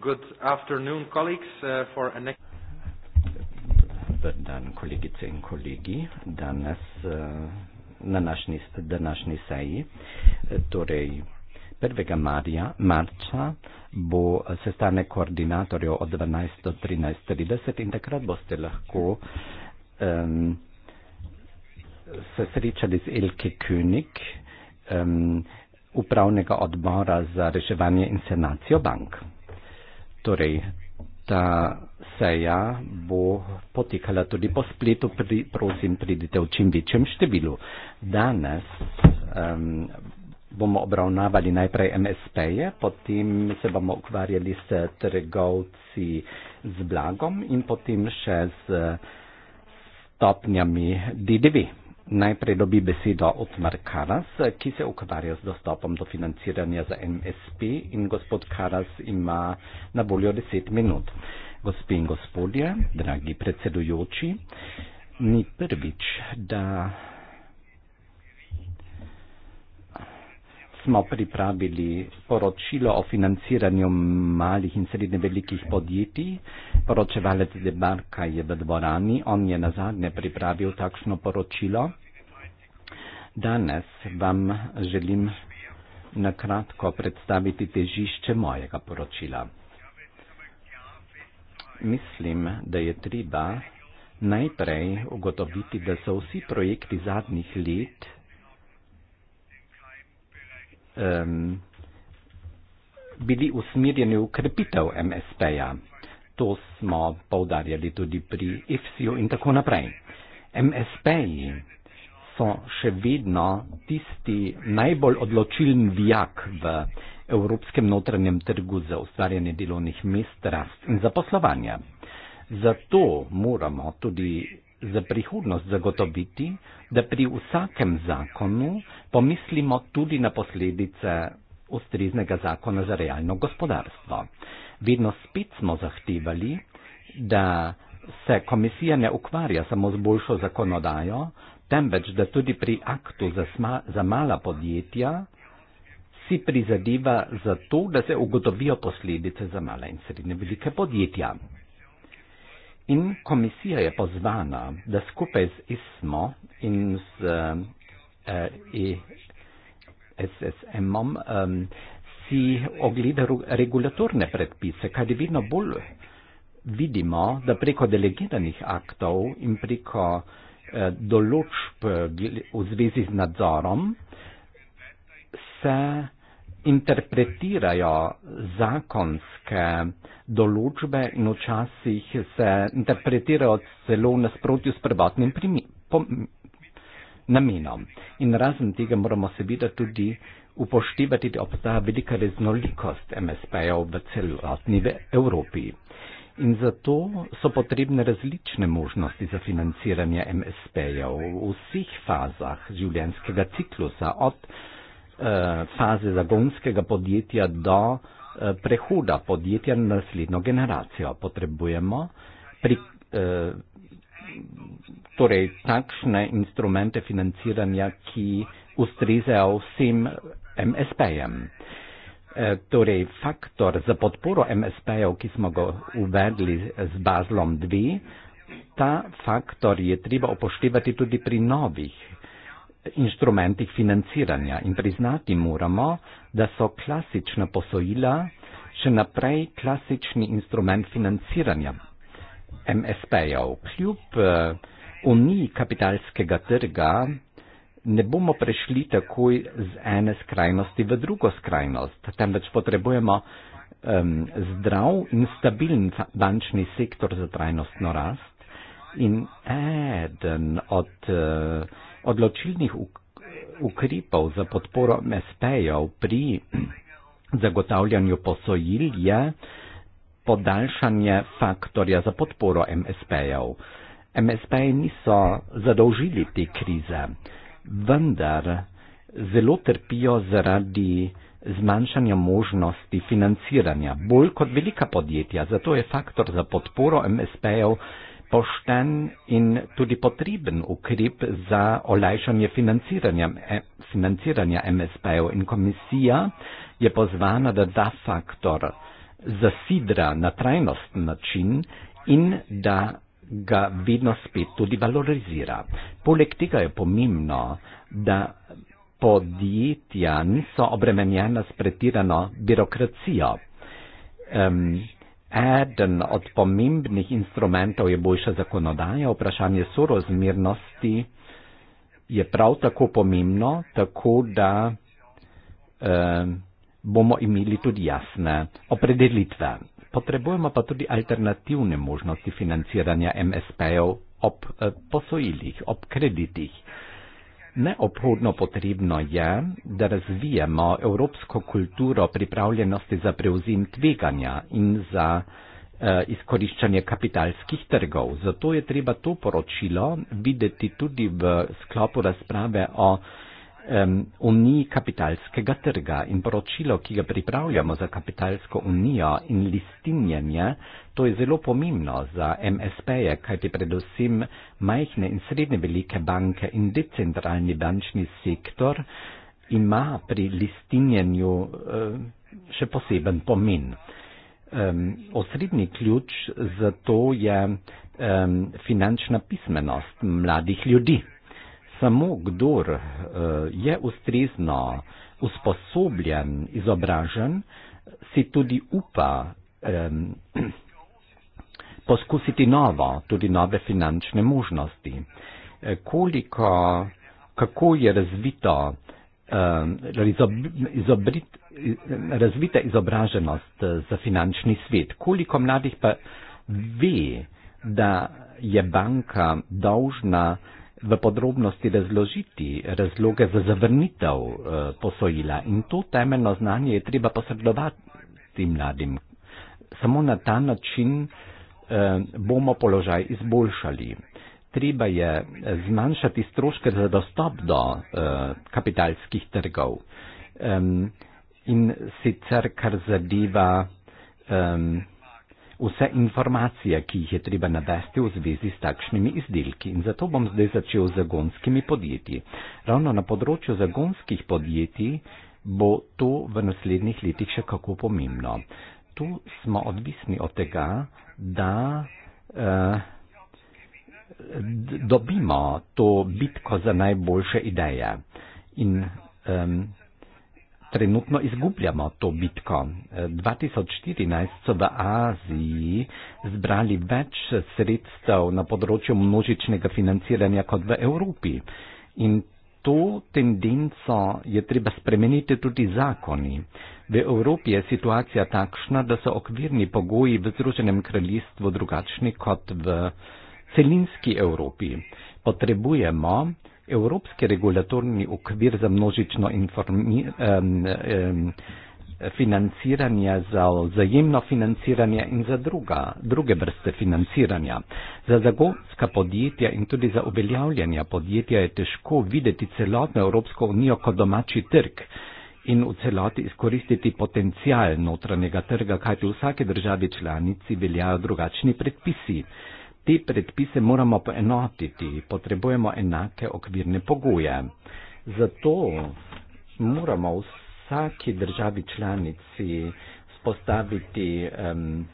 Good afternoon, colleagues. Uh, for an next. Dan, kolegice in kolegi, danes uh, na našni, današnji seji, torej 1. Marja, marca, bo sestane koordinatorjo od 12 do 13.30 in takrat boste lahko um, se srečali z Elke König, um, upravnega odbora za reševanje in senacijo bank. Torej, ta seja bo potekala tudi po spletu, pri, prosim, pridite v čim večjem številu. Danes um, bomo obravnavali najprej MSP-je, potem se bomo ukvarjali s trgovci z blagom in potem še s stopnjami DDV. Najprej dobi besedo Otmar Karas, ki se ukvarja z dostopom do financiranja za MSP in gospod Karas ima na voljo 10 minut. Gospe in gospodje, dragi predsedujoči, ni prvič, da smo pripravili poročilo o financiranju malih in srednje velikih podjetij. Poročevalec Debarka je v dvorani, on je nazadnje pripravil takšno poročilo. Danes vam želim na kratko predstaviti težišče mojega poročila. Mislim, da je treba najprej ugotoviti, da so vsi projekti zadnjih let um, bili usmirjeni v krepitev MSP-ja. To smo povdarjali tudi pri IFSI-ju in tako naprej. MSP-ji so še vedno tisti najbolj odločiln vijak v evropskem notranjem trgu za ustvarjanje delovnih mest, rast in zaposlovanja. Zato moramo tudi za prihodnost zagotoviti, da pri vsakem zakonu pomislimo tudi na posledice ustreznega zakona za realno gospodarstvo. Vedno spet smo zahtevali, da se komisija ne ukvarja samo z boljšo zakonodajo, temveč da tudi pri aktu za, sma, za mala podjetja si prizadeva za to, da se ugotovijo posledice za mala in srednje velike podjetja. In komisija je pozvana, da skupaj z ISMO in z eh, SSM-om eh, si ogleda regulatorne predpise, kaj je vidno bolj. Vidimo, da preko delegiranih aktov in preko eh, določb v zvezi z nadzorom se interpretirajo zakonske določbe in včasih se interpretirajo celo v nasprotju s prvotnim namenom. In razen tega moramo seveda tudi upoštevati, da obstaja velika raznolikost MSP-jev v celotni Evropi. In zato so potrebne različne možnosti za financiranje MSP-jev v vseh fazah življenjskega ciklusa, od Eh, faze zagonskega podjetja do eh, prehuda podjetja na naslednjo generacijo. Potrebujemo pri, eh, torej, takšne instrumente financiranja, ki ustrezajo vsem MSP-jem. Torej, faktor za podporo MSP-jev, ki smo ga uvedli z Bazlom 2, ta faktor je treba upoštevati tudi pri novih inštrumentih financiranja in priznati moramo, da so klasična posojila še naprej klasični instrument financiranja MSP-jev. Kljub eh, uniji kapitalskega trga ne bomo prešli takoj z ene skrajnosti v drugo skrajnost, temveč potrebujemo um, zdrav in stabilen bančni sektor za trajnostno rast in eden od uh, odločilnih ukrepov za podporo MSP-jev pri zagotavljanju posojil je podaljšanje faktorja za podporo MSP-jev. MSP niso zadolžili te krize, vendar zelo trpijo zaradi zmanjšanja možnosti financiranja, bolj kot velika podjetja. Zato je faktor za podporo MSP-jev pošten in tudi potreben ukrep za olajšanje financiranja, eh, financiranja MSP-jev in komisija je pozvana, da ta faktor zasidra na trajnosten način in da ga vedno spet tudi valorizira. Poleg tega je pomembno, da podjetja niso obremenjena s pretirano birokracijo. Um, Eden od pomembnih instrumentov je boljša zakonodaja, vprašanje sorozmernosti je prav tako pomembno, tako da eh, bomo imeli tudi jasne opredelitve. Potrebujemo pa tudi alternativne možnosti financiranja MSP-ov ob eh, posojilih, ob kreditih. Eh, Neobhodno potrebno je, da razvijemo evropsko kulturo pripravljenosti za prevzim tveganja in za eh, izkoriščanje kapitalskih trgov. Zato je treba to poročilo videti tudi v sklopu razprave o um, Unij kapitalskega trga in poročilo, ki ga pripravljamo za kapitalsko unijo in listinjenje, to je zelo pomembno za MSP-je, kajti predvsem majhne in srednje velike banke in decentralni bančni sektor ima pri listinjenju uh, še poseben pomen. Um, osrednji ključ za to je um, finančna pismenost mladih ljudi samo kdor eh, je ustrezno usposobljen, izobražen, si tudi upa poskusiti novo, tudi nove finančne možnosti. Eh, koliko, kako je razvito, izobrit, razvita izobraženost eh, za finančni svet, koliko mladih pa ve, da je banka dolžna v podrobnosti razložiti razloge za zavrnitev eh, posojila in to temeljno znanje je treba posredovati mladim. Samo na ta način eh, bomo položaj izboljšali. Treba je eh, zmanjšati stroške za dostop do kapitalskih trgov. In sicer, kar zadeva vse informacije, ki jih je treba navesti v zvezi s takšnimi izdelki. In zato bom zdaj začel z zagonskimi podjetji. Ravno na področju zagonskih podjetij bo to v naslednjih letih še kako pomembno. Tu smo odvisni od tega, da eh, dobimo to bitko za najboljše ideje. In, eh, trenutno izgubljamo to bitko. 2014 e, so v Aziji zbrali več sredstev na področju množičnega financiranja kot v Evropi. In to tendenco je treba spremeniti tudi zakoni. V Evropi je situacija takšna, da so okvirni pogoji v Združenem kraljestvu drugačni kot v celinski Evropi. Potrebujemo Evropski regulatorni okvir za množično financiranje, za vzajemno financiranje in za druga, druge vrste financiranja. Za zagonska podjetja in tudi za uveljavljanje podjetja je težko videti celotno Evropsko unijo kot domači trg in v celoti izkoristiti potencial notranjega trga, kajti v vsaki državi članici veljajo drugačni predpisi. Te predpise moramo poenotiti, potrebujemo enake okvirne pogoje. Zato moramo v vsaki državi članici spostaviti um,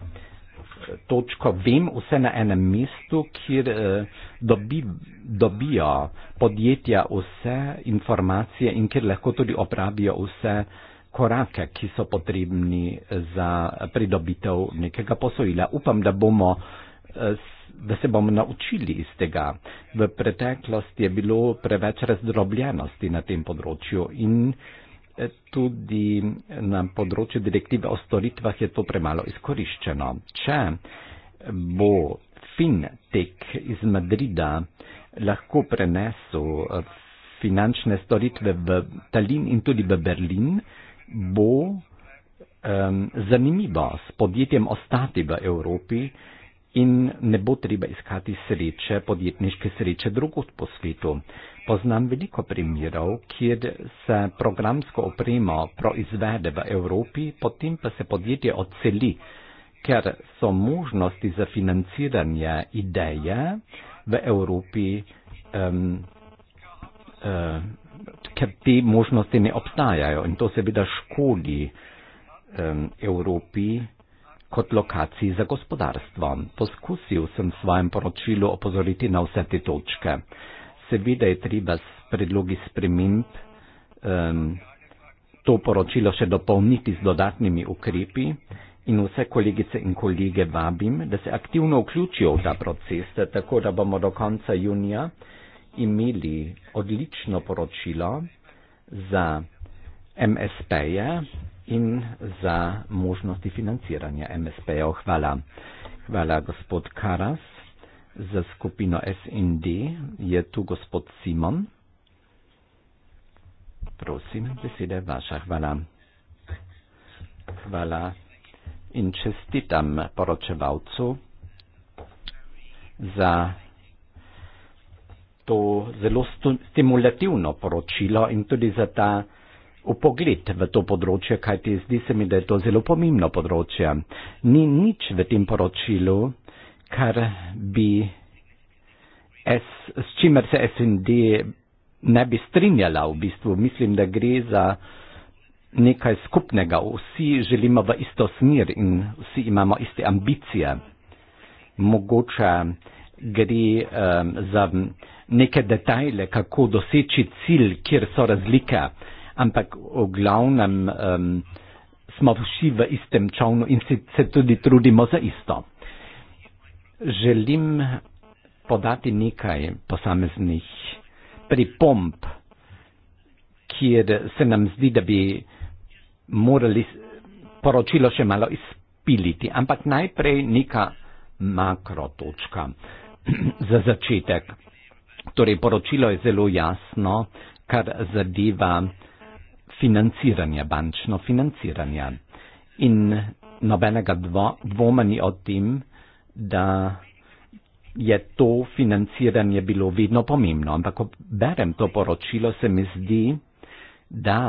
točko vem vse na enem mestu, kjer uh, dobi, dobijo podjetja vse informacije in kjer lahko tudi opravijo vse korake, ki so potrebni za pridobitev nekega posojila. Upam, da bomo uh, da se bomo naučili iz tega. V preteklosti je bilo preveč razdrobljenosti na tem področju in eh, tudi na področju direktive o storitvah je to premalo izkoriščeno. Če bo FinTech iz Madrida lahko prenesel eh, finančne storitve v Talin in tudi v Berlin, bo um, zanimivo s podjetjem ostati v Evropi, in ne bo treba iskati sreče, podjetniške sreče drugot po svetu. Poznam veliko primerov, kjer se programsko opremo proizvede v Evropi, potem pa se podjetje odseli, ker so možnosti za financiranje ideje v Evropi, um, uh, ker te možnosti ne obstajajo in to seveda školi um, Evropi kot lokaciji za gospodarstvo. Poskusil sem v svojem poročilu opozoriti na vse te točke. Seveda je treba s predlogi sprememb um, to poročilo še dopolniti z dodatnimi ukrepi in vse kolegice in kolege vabim, da se aktivno vključijo v ta proces, tako da bomo do konca junija imeli odlično poročilo za MSP-je in za možnosti financiranja MSP-jev. Hvala. Hvala, gospod Karas. Za skupino SND je tu gospod Simon. Prosim, beseda je vaša. Hvala. Hvala in čestitam poročevalcu za to zelo stimulativno poročilo in tudi za ta upogled v to področje, kajti zdi se mi, da je to zelo pomembno področje. Ni nič v tem poročilu, kar bi S, s čimer se SND ne bi strinjala v bistvu. Mislim, da gre za nekaj skupnega. Vsi želimo v isto smer in vsi imamo iste ambicije. Mogoče gre um, za neke detajle, kako doseči cilj, kjer so razlike ampak v glavnem um, smo vsi v istem čovnu in se, se tudi trudimo za isto. Želim podati nekaj posameznih pripomp, kjer se nam zdi, da bi morali poročilo še malo izpiliti, ampak najprej neka makrotočka za začetek. Torej, poročilo je zelo jasno, kar zadeva financiranja, bančno financiranja. In nobenega dvoma ni o tem, da je to financiranje bilo vedno pomembno. Ampak, ko berem to poročilo, se mi zdi, da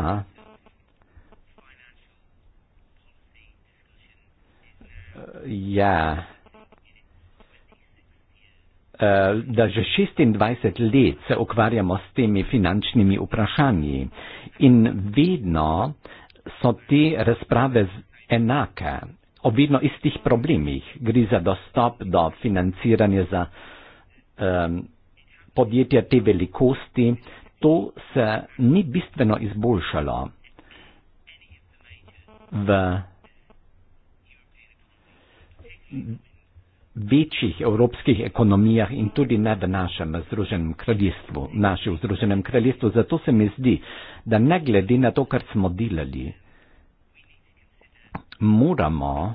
je. Yeah. Eh, da že 26 let se ukvarjamo s temi finančnimi vprašanji in vedno so te razprave enake, o vedno istih problemih. Gre za dostop do financiranja za um, podjetja te velikosti. To se ni bistveno izboljšalo v večjih evropskih ekonomijah in tudi ne v našem Združenem kraljestvu, našem Združenem kraljestvu. Zato se mi zdi, da ne glede na to, kar smo delali, moramo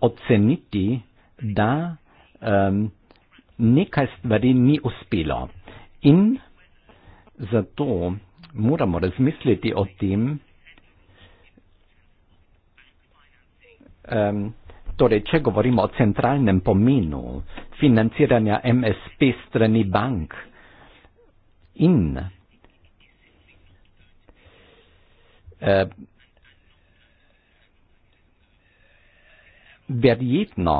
oceniti, da um, nekaj stvari ni uspelo. In zato moramo razmisliti o tem, um, torej če govorimo o centralnem pomenu financiranja MSP strani bank in eh, verjetno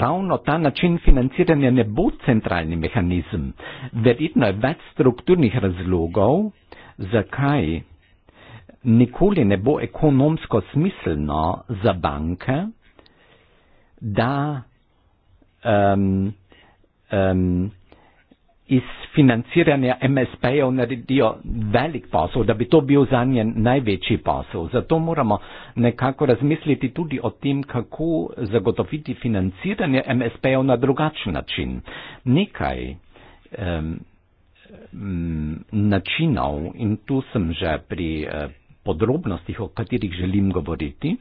ravno ta način financiranja ne bo centralni mehanizem. Verjetno je več strukturnih razlogov, zakaj nikoli ne bo ekonomsko smiselno za banke, da um, um, iz financiranja MSP-jev naredijo velik posel, da bi to bil za nje največji posel. Zato moramo nekako razmisliti tudi o tem, kako zagotoviti financiranje MSP-jev na drugačen način. Nekaj um, načinov, in tu sem že pri uh, podrobnostih, o katerih želim govoriti,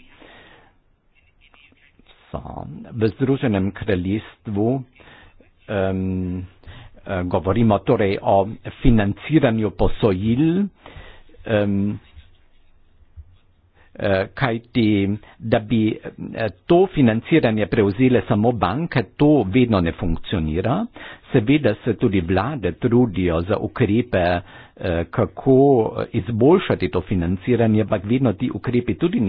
sa v Združenem kraljestvu, um, govorimo torej o financiranju posojil, um, kaj ti, da bi eh, to financiranje prevzele samo banke, to vedno ne funkcionira. Seveda se tudi vlade trudijo za ukrepe, eh, kako izboljšati to financiranje, ampak vedno ti ukrepi tudi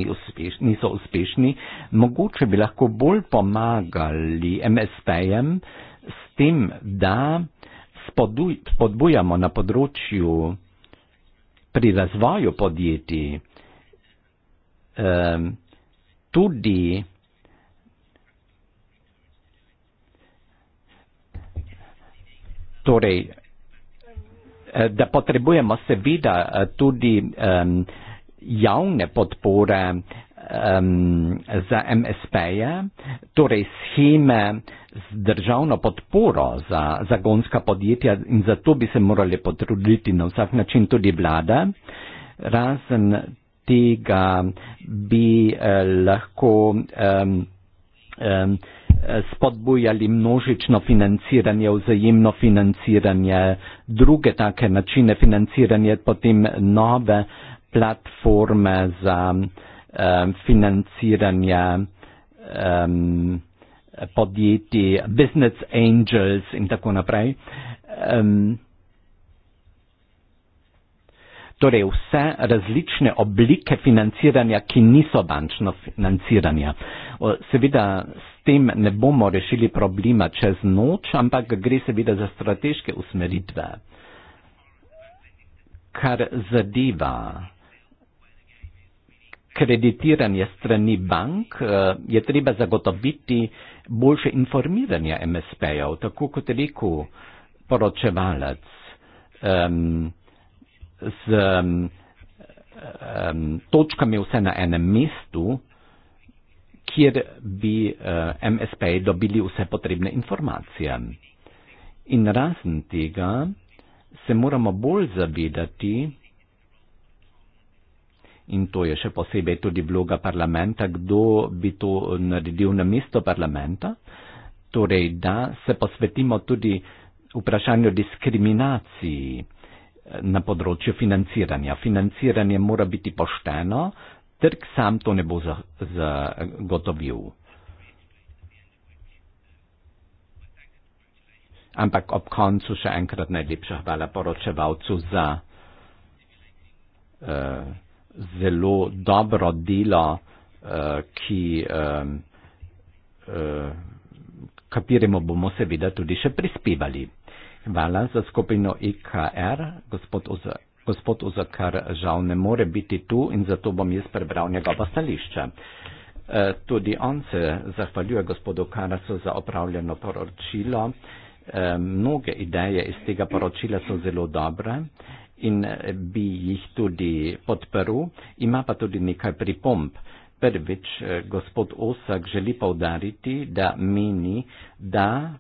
niso uspešni. Mogoče bi lahko bolj pomagali MSP-jem s tem, da spodbujamo na področju pri razvoju podjetij, Ehm, tudi torej, eh, da potrebujemo seveda eh, tudi um, javne podpore um, za MSP-je, torej scheme z državno podporo za zagonska podjetja in zato bi se morali potruditi na vsak način tudi vlada, razen tega bi eh, lahko eh, eh, spodbujali množično financiranje, vzajemno financiranje, druge take načine financiranja, potem nove platforme za eh, financiranje eh, podjetij, business angels in tako naprej. Eh, torej vse različne oblike financiranja, ki niso bančno financiranje. Seveda s tem ne bomo rešili problema čez noč, ampak gre seveda za strateške usmeritve. Kar zadeva kreditiranje strani bank, eh, je treba zagotoviti boljše informiranje MSP-jev, tako kot je rekel poročevalec. Um, z um, um, točkami vse na enem mestu, kjer bi uh, MSP dobili vse potrebne informacije. In razen tega se moramo bolj zavedati, in to je še posebej tudi vloga parlamenta, kdo bi to naredil na mesto parlamenta, torej da se posvetimo tudi vprašanju diskriminaciji na področju financiranja. Financiranje mora biti pošteno, trg sam to ne bo zagotovil. Ampak ob koncu še enkrat najlepša hvala poročevalcu za eh, zelo dobro delo, eh, ki, eh, eh, kateremu bomo seveda tudi še prispevali. Hvala za skupino IKR. Gospod, Uz gospod Uzakar žal ne more biti tu in zato bom jaz prebral njegovo stališče. E, tudi on se zahvaljuje gospodu Karasu za opravljeno poročilo. E, mnoge ideje iz tega poročila so zelo dobre in bi jih tudi podprl. Ima pa tudi nekaj pripomp. Prvič, e, gospod Osak želi povdariti, da meni, da.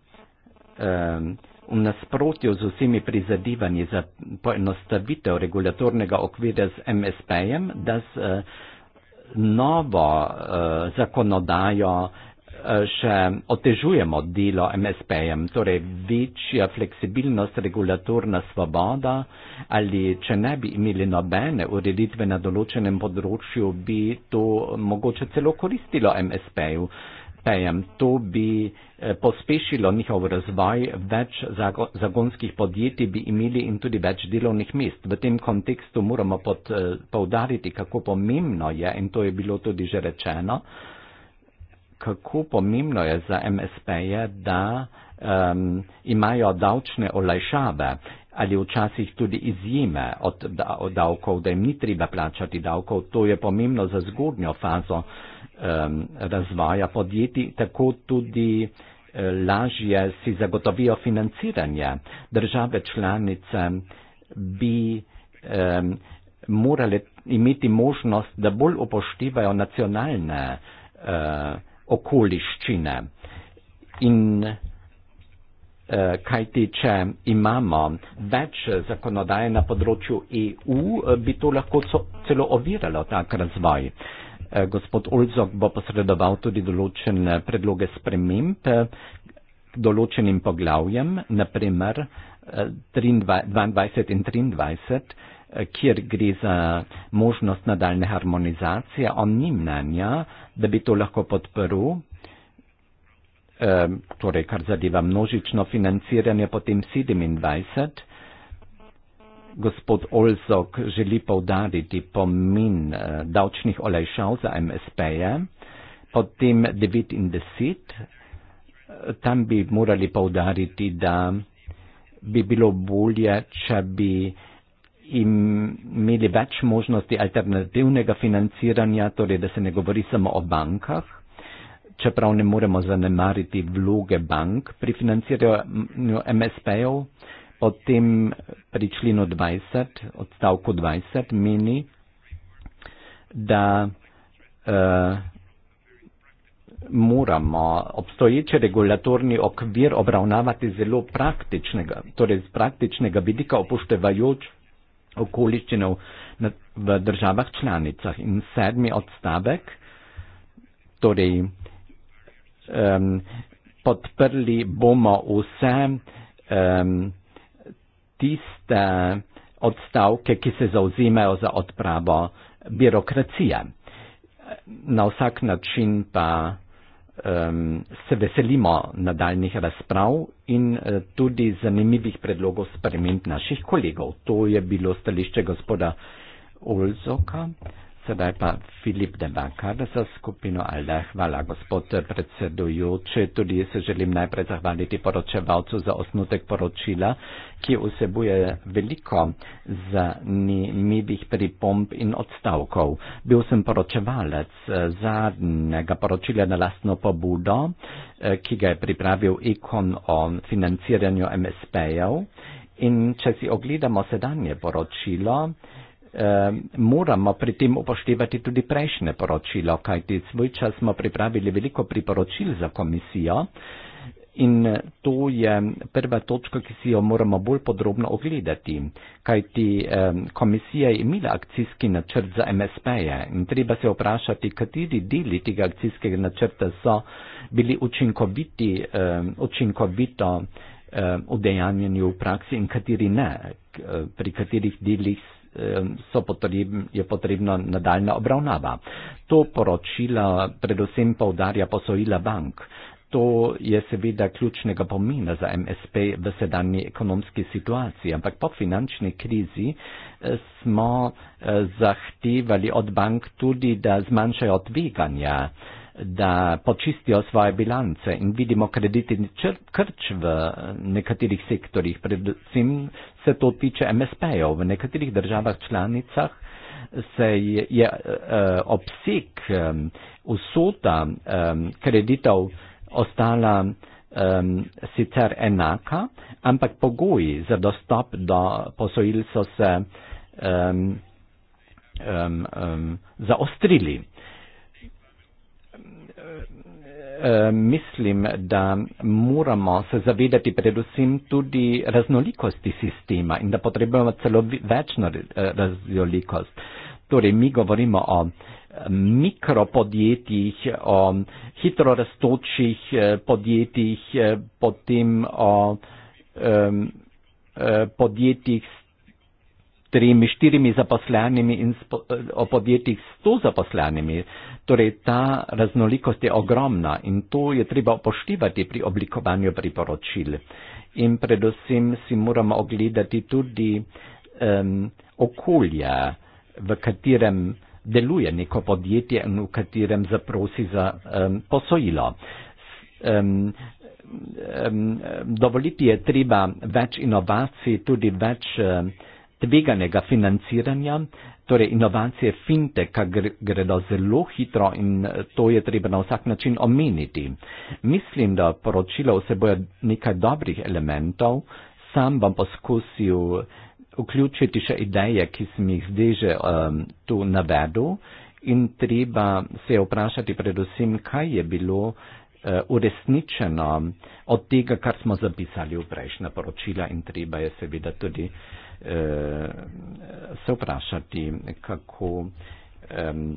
E, V nasprotju z vsemi prizadevanji za poenostavitev regulatornega okvirja z MSP-jem, da z eh, novo eh, zakonodajo eh, še otežujemo delo MSP-jem, torej večja fleksibilnost, regulatorna svoboda ali če ne bi imeli nobene ureditve na določenem področju, bi to mogoče celo koristilo MSP-ju. IPEM. To bi eh, pospešilo njihov razvoj, več zagonskih podjetij bi imeli in tudi več delovnih mest. V tem kontekstu moramo pod, eh, povdariti, kako pomembno je, in to je bilo tudi že rečeno, kako pomembno je za MSP-je, da um, imajo davčne olajšave ali včasih tudi izjeme od davkov, da jim ni treba plačati davkov. To je pomembno za zgodnjo fazo. Um, razvoja podjetij, tako tudi eh, lažje si zagotovijo financiranje. Države članice bi um, morale imeti možnost, da bolj upoštevajo nacionalne eh, okoliščine. In eh, kaj ti, če imamo več zakonodaje na področju EU, bi to lahko celo oviralo tak razvoj. Eh, gospod Olzok bo posredoval tudi določene predloge sprememb eh, določenim poglavjem, naprimer 22 eh, in 23, kjer gre za možnost nadaljne harmonizacije. On ni mnenja, da bi to lahko podprl, torej kar zadeva množično financiranje potem 27 Gospod Olzok želi povdariti pomin eh, davčnih olajšav za MSP-je, potem 9 in 10, tam bi morali povdariti, da bi bilo bolje, če bi imeli več možnosti alternativnega financiranja, torej da se ne govori samo o bankah, čeprav ne moremo zanemariti vloge bank pri financiranju MSP-jev, potem pri členu 20, odstavku 20, meni, da eh, moramo obstoječi regulatorni okvir obravnavati zelo praktičnega, torej z praktičnega vidika upoštevajoč okoliščine v državah članicah. In sedmi odstavek, torej eh, podprli bomo vse eh, tiste odstavke, ki se zauzimajo za odpravo birokracije. Na vsak način pa um, se veselimo nadaljnih razprav in uh, tudi zanimivih predlogov sprememb naših kolegov. To je bilo stališče gospoda Olzoka. Sedaj pa Filip Debakar za skupino Alde. Hvala, gospod predsedujoči. Tudi se želim najprej zahvaliti poročevalcu za osnutek poročila, ki vsebuje veliko zanimivih pripomb in odstavkov. Bil sem poročevalec eh, zadnjega poročila na lastno pobudo, eh, ki ga je pripravil ikon o financiranju MSP-jev. In če si ogledamo sedanje poročilo, eh, moramo pri tem upoštevati tudi prejšnje poročilo, kajti svoj čas smo pripravili veliko priporočil za komisijo in to je prva točka, ki si jo moramo bolj podrobno ogledati, kajti eh, komisija je imela akcijski načrt za MSP-je in treba se vprašati, kateri deli tega akcijskega načrta so bili učinkoviti, eh, učinkovito v ehm, dejanjenju v praksi in kateri ne, pri katerih delih so potreb, je potrebna nadaljna obravnava. To poročila predvsem povdarja posojila bank. To je seveda ključnega pomena za MSP v sedanji ekonomski situaciji, ampak po finančni krizi eh, smo eh, zahtevali od bank tudi, da zmanjšajo tveganja da počistijo svoje bilance in vidimo kreditni krč v nekaterih sektorjih, predvsem se to tiče MSP-jev. V nekaterih državah članicah se je, je e, obseg e, usota e, kreditov ostala um, sicer enaka, ampak pogoji za dostop do posojil so se um, um, um, zaostrili. Eh, mislim, da moramo se zavedati predvsem tudi raznolikosti sistema in da potrebujemo celo večno eh, raznolikost. Torej, mi govorimo o eh, mikropodjetjih, o hitro raztočih podjetjih, potem o um, podjetjih s tremi, štirimi zaposlenimi in eh, o podjetjih s sto zaposlenimi. Torej, ta raznolikost je ogromna in to je treba upoštevati pri oblikovanju priporočil. In predvsem si moramo ogledati tudi um, okolje, v katerem deluje neko podjetje in v katerem zaprosi za um, posojilo. Um, um, dovoliti je treba več inovacij, tudi več. Um, tveganega financiranja, torej inovacije fintech, gr gredo zelo hitro in to je treba na vsak način omeniti. Mislim, da poročilo vsebuje nekaj dobrih elementov, sam bom poskusil vključiti še ideje, ki sem jih zdaj že um, tu navedel in treba se vprašati predvsem, kaj je bilo uh, uresničeno od tega, kar smo zapisali v prejšnja poročila in treba je seveda tudi uh, Eh, se vprašati, kako um, um,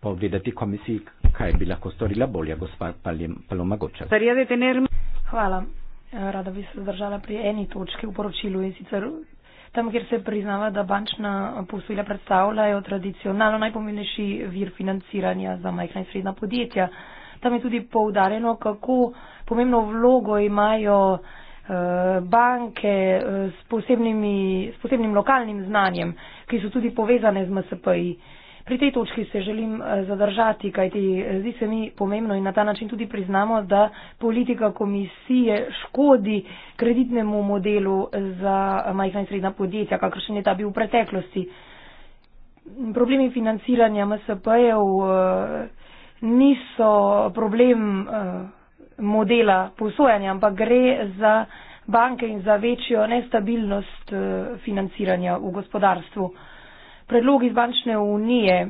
povedati komisiji, kaj bi lahko storila bolje, gospa Palomagoča. Hvala. Eh, rada bi se zdržala pri eni točki v poročilu in sicer tam, kjer se priznava, da bančna posojila predstavljajo tradicionalno najpomembnejši vir financiranja za majhna in srednja podjetja. Tam je tudi poudarjeno, kako pomembno vlogo imajo Eh, banke eh, s, posebnimi, s posebnim lokalnim znanjem, ki so tudi povezane z MSP-ji. Pri tej točki se želim eh, zadržati, kajti zdi se mi pomembno in na ta način tudi priznamo, da politika komisije škodi kreditnemu modelu za majhna in srednja podjetja, kakršen je ta bil v preteklosti. Problemi financiranja MSP-jev niso problem. Uh, modela posojanja, ampak gre za banke in za večjo nestabilnost eh, financiranja v gospodarstvu. Predlogi iz bančne unije,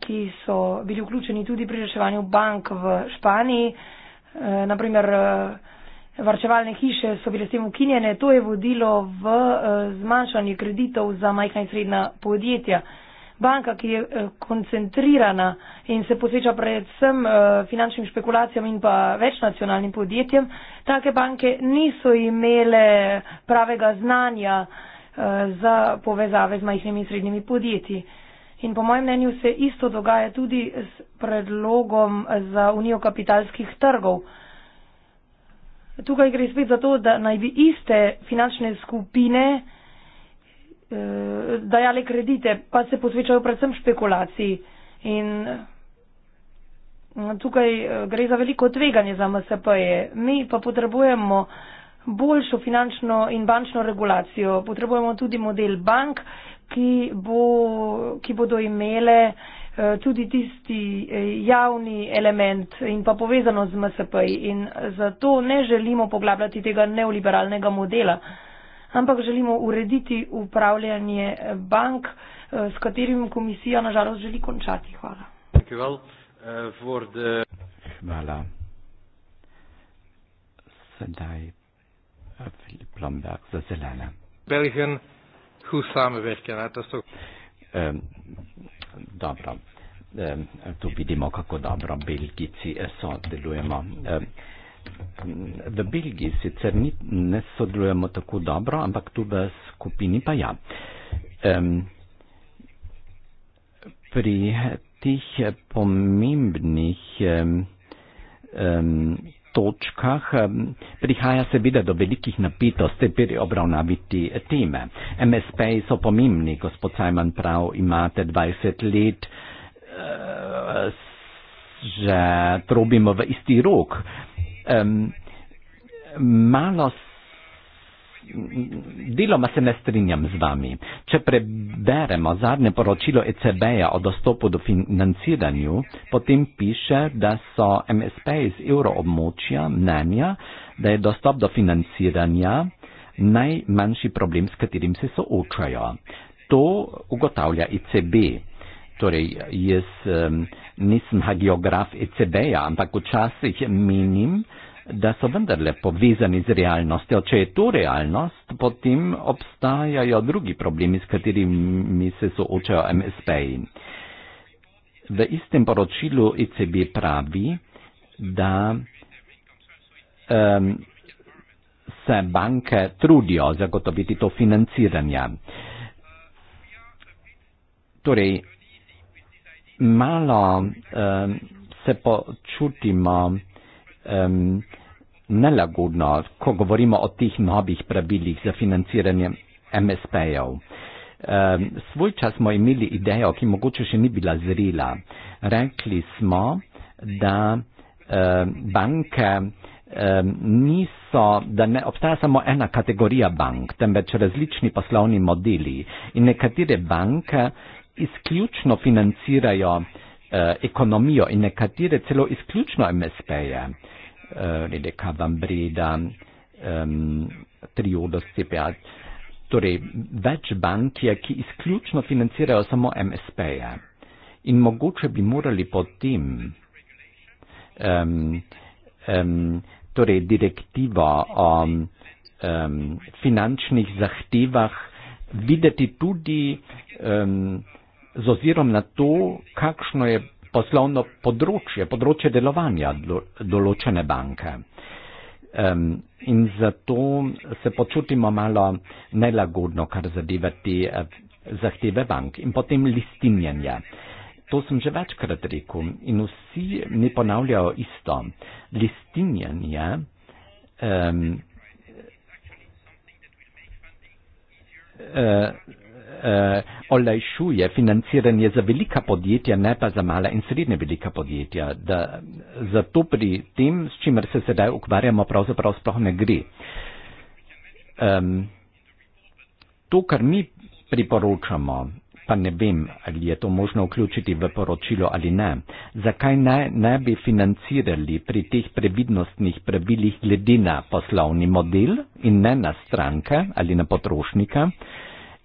ki so bili vključeni tudi pri reševanju bank v Španiji, eh, naprimer eh, varčevalne hiše so bile s tem ukinjene, to je vodilo v zmanjšanje kreditov za majhna in srednja podjetja banka, ki je eh, koncentrirana in se posveča predvsem eh, finančnim špekulacijam in pa večnacionalnim podjetjem, take banke niso imele pravega znanja eh, za povezave z majhnimi in srednjimi podjetji. In po mojem mnenju se isto dogaja tudi s predlogom za unijo kapitalskih trgov. Tukaj gre spet za to, da naj bi iste finančne skupine uh, eh, dajale kredite, pa se posvečajo predvsem špekulaciji. In eh, tukaj eh, gre za veliko tveganje za MSP-je. Mi pa potrebujemo boljšo finančno in bančno regulacijo. Potrebujemo tudi model bank, ki, bo, ki bodo imele eh, tudi tisti javni element in pa povezano z MSP. In zato ne želimo poglabljati tega neoliberalnega modela ampak želimo urediti upravljanje eh, bank, eh, s katerim komisija nažalost želi končati. Hvala. Eh, Hvala. Sedaj Filip Plomberg za zelene. Belgen, who same veste, na to so. Um, ehm, dobro. Um, tu vidimo, kako dobro Belgici so delujemo. Um, ehm, V Belgiji sicer ni, ne sodelujemo tako dobro, ampak tu v skupini pa ja. Um, pri teh pomembnih um, točkah prihaja seveda do velikih napetosti pri obravnavi te teme. MSP so pomembni, gospod Simon prav, imate 20 let, uh, že trobimo v isti rok um, malo deloma se ne strinjam z vami. Če preberemo zadnje poročilo ECB-ja o dostopu do financiranju, potem piše, da so MSP iz euroobmočja mnenja, da je dostop do financiranja najmanjši problem, s katerim se soočajo. To ugotavlja ECB. Torej, jaz, um, nisem hagiograf ECB-ja, ampak včasih menim, da so vendarle povezani z realnostjo. Če je to realnost, potem obstajajo drugi problemi, s katerimi se soočajo MSP-ji. V istem poročilu ECB pravi, da um, se banke trudijo zagotoviti to financiranje. Torej, malo um, se počutimo um, nelagodno, ko govorimo o teh novih pravilih za financiranje MSP-jev. Um, svoj čas smo imeli idejo, ki mogoče še ni bila zrela. Rekli smo, da um, banke um, niso, da ne obstaja samo ena kategorija bank, temveč različni poslovni modeli. In nekatere banke izključno financirajo eh, ekonomijo in nekatere celo izključno MSP-je, glede eh, Kavambrida, eh, Triodo, CPA, torej več bank je, ki izključno financirajo samo MSP-je. In mogoče bi morali potem um, um, torej direktivo o um, finančnih zahtevah videti tudi um, z ozirom na to, kakšno je poslovno področje, področje delovanja določene banke. Um, in zato se počutimo malo nelagodno, kar zadeva te eh, zahteve bank in potem listinjenje. To sem že večkrat rekel in vsi mi ponavljajo isto. Listinjenje um, uh, eh, olajšuje financiranje za velika podjetja, ne pa za mala in srednje velika podjetja. Da, zato pri tem, s čimer se sedaj ukvarjamo, pravzaprav sploh ne gre. Um, to, kar mi priporočamo, pa ne vem, ali je to možno vključiti v poročilo ali ne, zakaj ne, ne bi financirali pri teh previdnostnih pravilih glede na poslovni model in ne na stranke ali na potrošnika. Uh,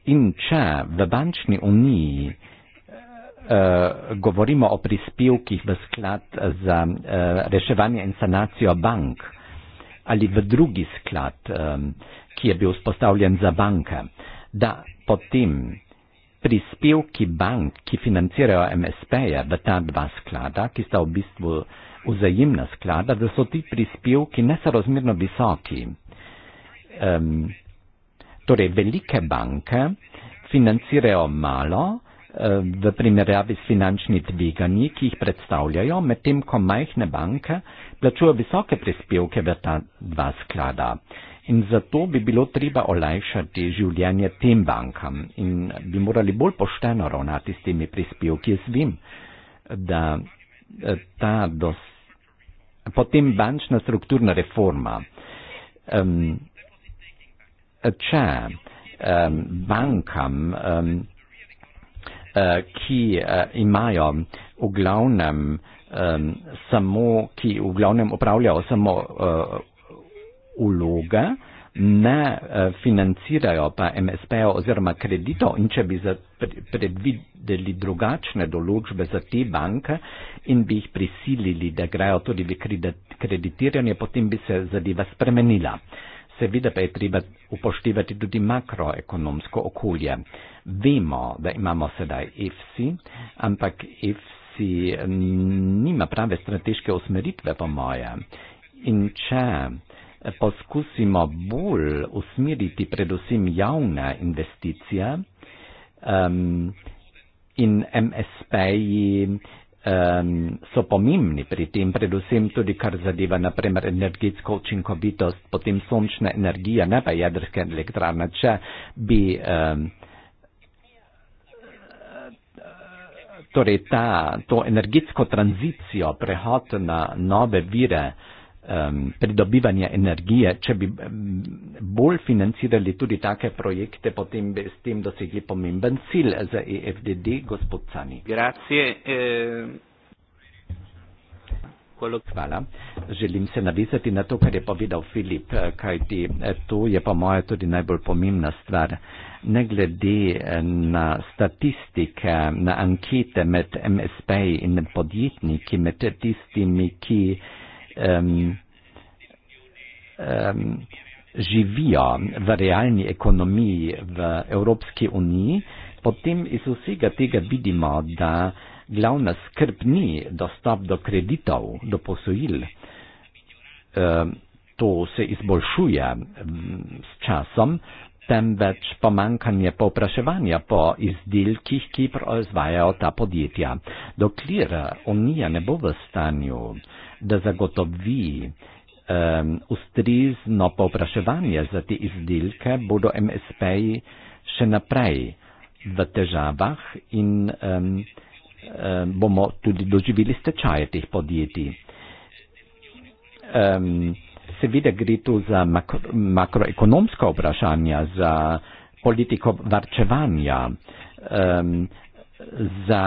in če v bančni uniji eh, govorimo o prispevkih v sklad za eh, reševanje in sanacijo bank ali v drugi sklad, eh, ki je bil spostavljen za banke, da potem prispevki bank, ki financirajo MSP-je v ta dva sklada, ki sta v bistvu vzajemna sklada, da so ti prispevki nesorozmerno visoki. Eh, tore velike banke financirajo malo eh, v primerjavi s finančnimi tveganji, ki jih predstavljajo, medtem ko majhne banke plačujejo visoke prispevke v ta dva sklada. In zato bi bilo treba olajšati življenje tem bankam in bi morali bolj pošteno ravnati s temi prispevki. Jaz vem, da eh, ta dos... potem bančna strukturna reforma. Um, če um, bankam, um, uh, ki uh, imajo v glavnem um, samo, ki v glavnem upravljajo samo uloge, uh, ne uh, financirajo pa MSP-jo oziroma kredito in če bi predvideli drugačne določbe za te banke in bi jih prisilili, da grejo tudi v kreditiranje, potem bi se zadeva spremenila. Uh, Seveda pa je treba upoštevati tudi makroekonomsko okolje. Vemo, da imamo sedaj EFSI, ampak EFSI nima prave strateške usmeritve, po moje. In če poskusimo bolj usmeriti predvsem javne investicije um, in MSP-ji, um, so pomembni pri tem, predvsem tudi kar zadeva naprimer energetsko učinkovitost, potem sončna energija, ne pa jedrske elektrarne, če bi um, torej ta, to energetsko tranzicijo, prehod na nove vire, um, pridobivanja energije, če bi um, bolj financirali tudi take projekte, potem bi s tem dosegli pomemben cilj za EFDD, gospod Cani. Grazie, eh... Hvala. Želim se navizati na to, kar je povedal Filip, eh, kajti eh, to je po moje tudi najbolj pomembna stvar. Ne glede eh, na statistike, na ankete med MSP in med podjetniki, med tistimi, ki um, um, živijo v realni ekonomiji v Evropski uniji, potem iz vsega tega vidimo, da glavna skrb ni dostop do kreditov, do posojil. Um, to se izboljšuje um, s časom temveč pomankanje povpraševanja po izdelkih, ki proizvajajo ta podjetja. Dokler Unija ne bo v stanju uh, da zagotovi um, ustrizno povpraševanje za te izdelke, bodo MSP-ji še naprej v težavah in um, um, bomo tudi doživeli stečaje teh podjetij. Um, Seveda gre tu za makro, makroekonomska vprašanja, za politiko varčevanja, um, za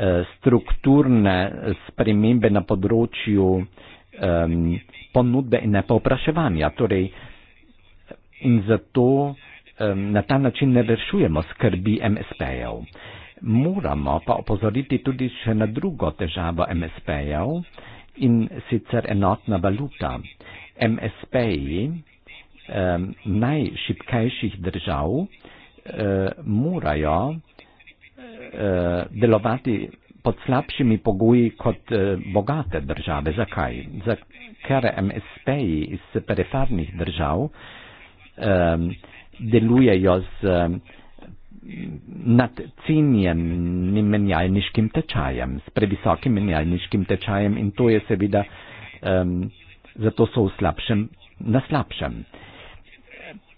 Eh, strukturne spremembe na področju um, ponudbe in ne povpraševanja. Torej, in zato um, na ta način ne rešujemo skrbi MSP-jev. Moramo pa opozoriti tudi še na drugo težavo MSP-jev in sicer enotna valuta. MSP-ji um, najšipkejših držav um, morajo eh, delovati pod slabšimi pogoji kot eh, bogate države. Zakaj? Za, ker MSP-ji iz perifernih držav eh, delujejo z eh, nadcenjenim menjalniškim tečajem, s previsokim menjalniškim tečajem in to je seveda, eh, zato so v slabšem, na slabšem. Eh,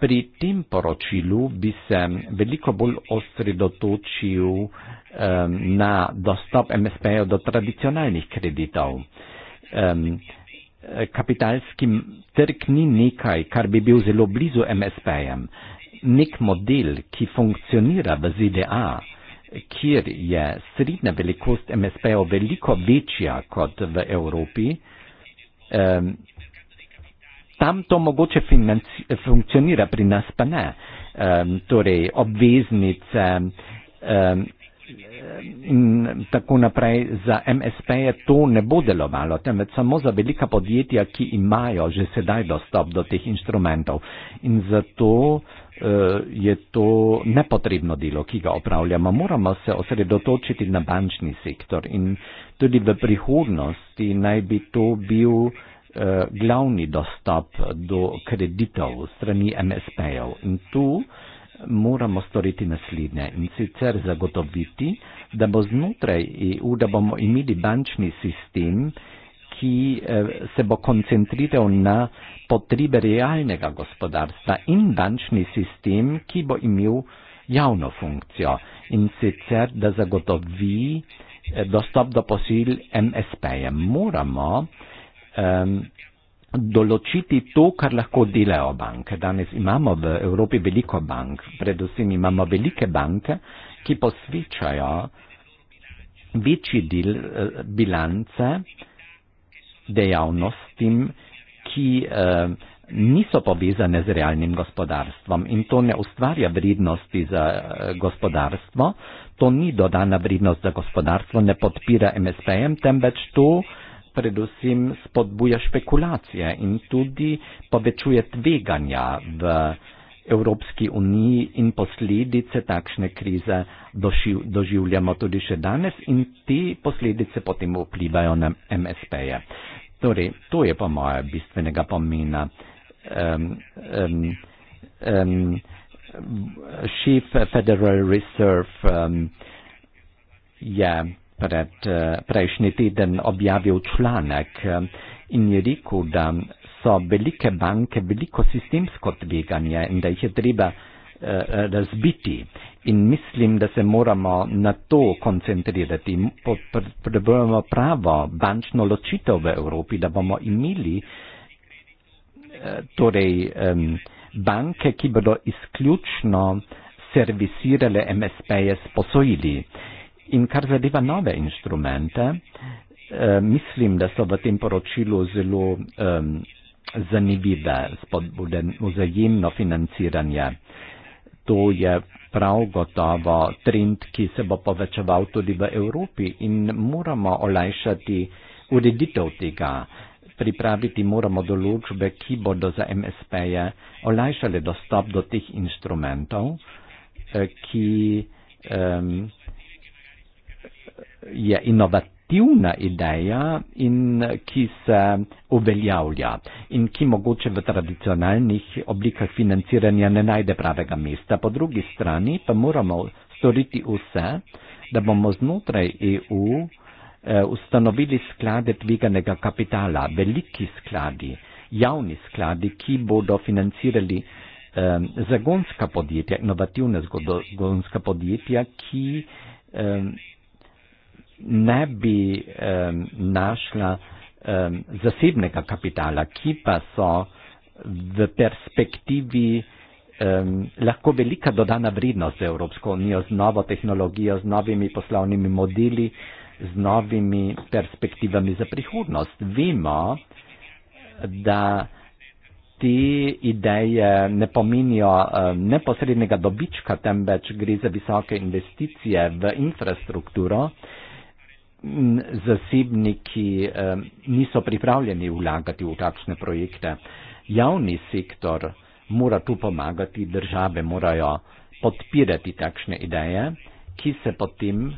pri tem poročilu bi se veliko bolj osredotočil um, na dostop MSP-jev do tradicionalnih kreditov. Um, kapitalski trg ni nekaj, kar bi bil zelo blizu MSP-jem. Nek model, ki funkcionira v ZDA, kjer je srednja velikost MSP-jev veliko večja kot v Evropi, um, tam to mogoče funkcionira, pri nas pa ne. Um, torej, obveznice um, in tako naprej za MSP-je to ne bo delovalo, temveč samo za velika podjetja, ki imajo že sedaj dostop do teh inštrumentov. In zato uh, je to nepotrebno delo, ki ga opravljamo. Moramo se osredotočiti na bančni sektor in tudi v prihodnosti naj bi to bil. Eh, glavni dostop do kreditov strani MSP-jev in tu moramo storiti naslednje in sicer zagotoviti, da bo znotraj EU, da bomo imeli bančni sistem, ki eh, se bo koncentriral na potrebe realnega gospodarstva in bančni sistem, ki bo imel javno funkcijo in sicer, da zagotovi eh, dostop do posil MSP-jem. Moramo um, določiti to, kar lahko delajo banke. Danes imamo v Evropi veliko bank, predvsem imamo velike banke, ki posvečajo večji del uh, bilance dejavnostim, ki uh, niso povezane z realnim gospodarstvom in to ne ustvarja vrednosti za uh, gospodarstvo, to ni dodana vrednost za gospodarstvo, ne podpira MSPM, temveč to uh, predvsem spodbuja špekulacije in tudi povečuje tveganja v Evropski uniji in posledice takšne krize doživljamo tudi še danes in te posledice potem vplivajo na MSP-je. Torej, to je po moje bistvenega pomena. Um, um, um, šef Federal Reserve um, je. Yeah pred uh, prejšnji teden objavil članek eh, in je rekel, da so velike banke veliko sistemsko tveganje in da jih je treba eh, razbiti in mislim, da se moramo na to koncentrirati. Potrebujemo pravo bančno ločitev v Evropi, da bomo imeli torej, banke, ki bodo izključno servisirale MSP-je s posojili. In kar zadeva nove instrumente, eh, mislim, da so v tem poročilu zelo um, zanimive spodbude vzajemno financiranje. To je prav gotovo trend, ki se bo povečeval tudi v Evropi in moramo olajšati ureditev tega. Pripraviti moramo določbe, ki bodo za MSP-je olajšale dostop do teh instrumentov, eh, ki. Um, je inovativna ideja in ki se uveljavlja in ki mogoče v tradicionalnih oblikah financiranja ne najde pravega mesta. Po drugi strani pa moramo storiti vse, da bomo znotraj EU eh, ustanovili sklade tveganega kapitala, veliki skladi, javni skladi, ki bodo financirali eh, zagonska podjetja, inovativna zagonska podjetja, ki eh, ne bi eh, našla eh, zasebnega kapitala, ki pa so v perspektivi eh, lahko velika dodana vrednost za Evropsko unijo z novo tehnologijo, z novimi poslovnimi modeli, z novimi perspektivami za prihodnost. Vemo, da te ideje ne pomenijo eh, neposrednega dobička, temveč gre za visoke investicije v infrastrukturo. Eh, zasebniki eh, niso pripravljeni vlagati v takšne projekte. Javni sektor mora tu pomagati, države morajo podpirati takšne ideje, ki se potem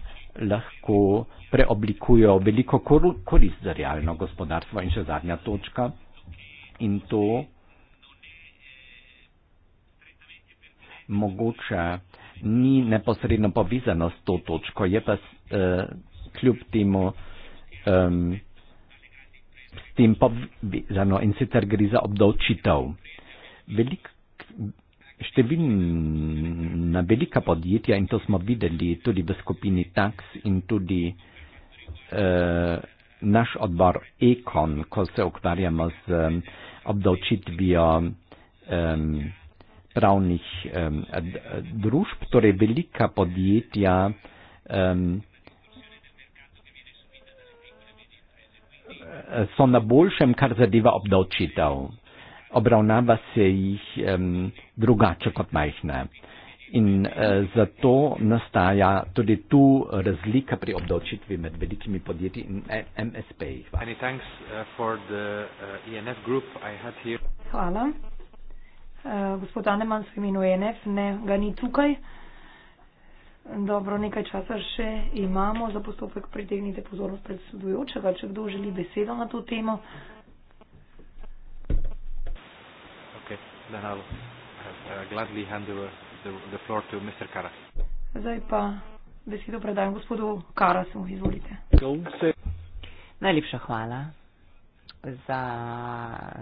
lahko preoblikujo v veliko korist za realno gospodarstvo. In še zadnja točka. In to mogoče ni neposredno povezano s to točko, je pa eh, kljub temu, um, tem povezano in sicer gre za obdavčitev. Velik, številna velika podjetja in to smo videli tudi v skupini Tax in tudi uh, naš odbor Econ, ko se ukvarjamo z um, obdavčitvijo um, pravnih um, družb, torej velika podjetja. Um, Eh, so na boljšem, kar zadeva obdavčitev. Obravnava se jih um, drugače kot majhne. In uh, zato nastaja tudi tu razlika pri obdavčitvi med velikimi podjetji in eh, MSP. Hvala. E Hvala. Uh, gospod Aneman, s imenom ENF, ne, ga ni tukaj. Uh, Dobro, nekaj časa še imamo za postopek. Pritegnite pozornost predsedujočega, če kdo želi besedo na to temo. Okay, have, uh, uh Zdaj pa besedo predajam gospodu Karasu. Izvolite. Najlepša hvala za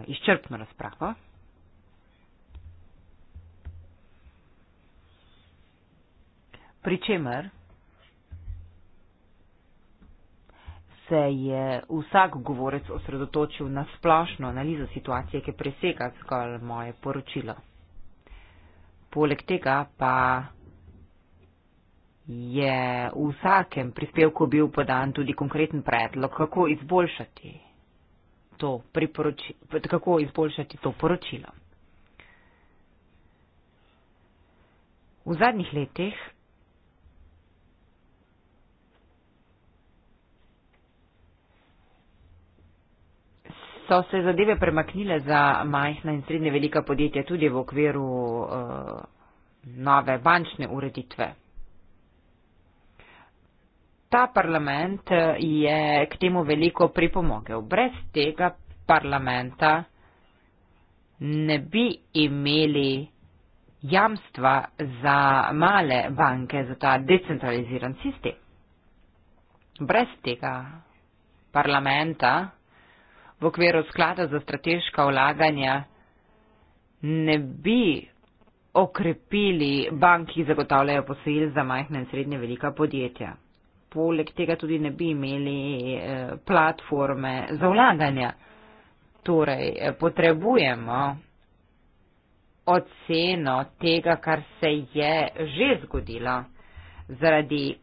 izčrpno razpravo. pri čemer se je vsak govorec osredotočil na splošno analizo situacije, ki presega zgolj moje poročilo. Poleg tega pa je v vsakem prispevku bil podan tudi konkreten predlog, kako izboljšati to, priporoči, kako izboljšati to poročilo. V zadnjih letih so se zadeve premaknile za majhna in srednje velika podjetja tudi v okviru uh, nove bančne ureditve. Ta parlament eh, je k temu veliko pripomogel. Brez tega parlamenta ne bi imeli jamstva za male banke, za ta decentraliziran sistem. Brez tega parlamenta v okviru sklada za strateška vlaganja ne bi okrepili bank, ki zagotavljajo posojil za majhna in srednje velika podjetja. Poleg tega tudi ne bi imeli eh, platforme za vlaganja. Torej, eh, potrebujemo oceno tega, kar se je že zgodilo zaradi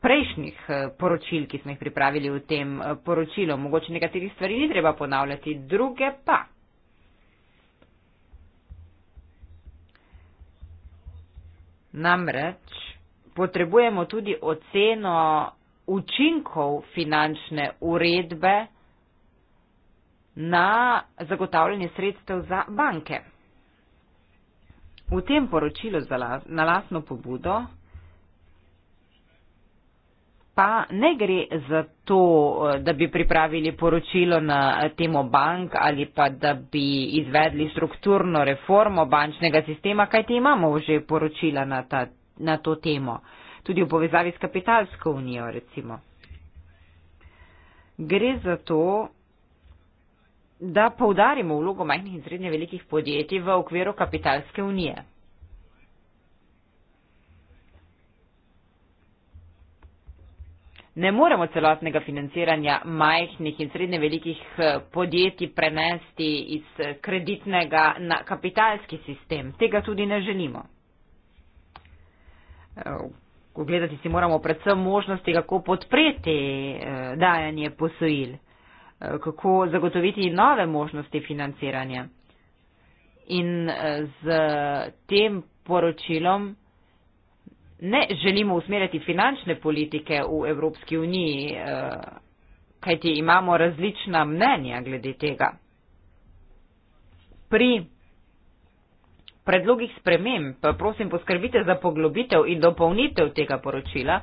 prejšnjih eh, poročil, ki smo jih pripravili v tem eh, poročilu. Mogoče nekaterih stvari ni treba ponavljati, druge pa. Namreč potrebujemo tudi oceno učinkov finančne uredbe na zagotavljanje sredstev za banke. V tem poročilu za, na lasno pobudo pa ne gre za to, da bi pripravili poročilo na temo bank ali pa da bi izvedli strukturno reformo bančnega sistema, kaj ti imamo že poročila na, ta, na to temo, tudi v povezavi s kapitalsko unijo recimo. Gre za to, da poudarimo vlogo majhnih in srednje velikih podjetij v okviru kapitalske unije. ne moremo celotnega financiranja majhnih in srednje velikih eh, podjetij prenesti iz eh, kreditnega na kapitalski sistem. Tega tudi ne želimo. Eh, ogledati si moramo predvsem možnosti, kako podpreti dajanje posojil, kako zagotoviti nove možnosti financiranja. In z tem poročilom ne želimo usmerjati finančne politike v Evropski uniji, eh, kajti imamo različna mnenja glede tega. Pri predlogih sprememb pa prosim poskrbite za poglobitev in dopolnitev tega poročila,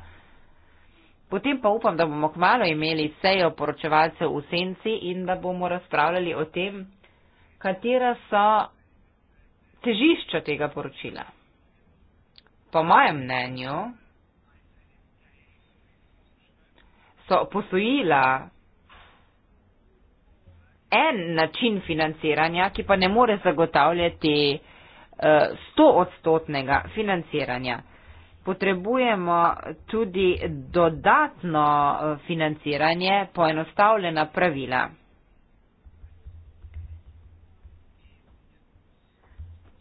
potem pa upam, da bomo kmalo imeli sejo poročevalcev v senci in da bomo razpravljali o tem, katera so težišča tega poročila. Po mojem mnenju so posojila en način financiranja, ki pa ne more zagotavljati eh, stoodstotnega uh, financiranja. Potrebujemo tudi dodatno eh, financiranje poenostavljena pravila.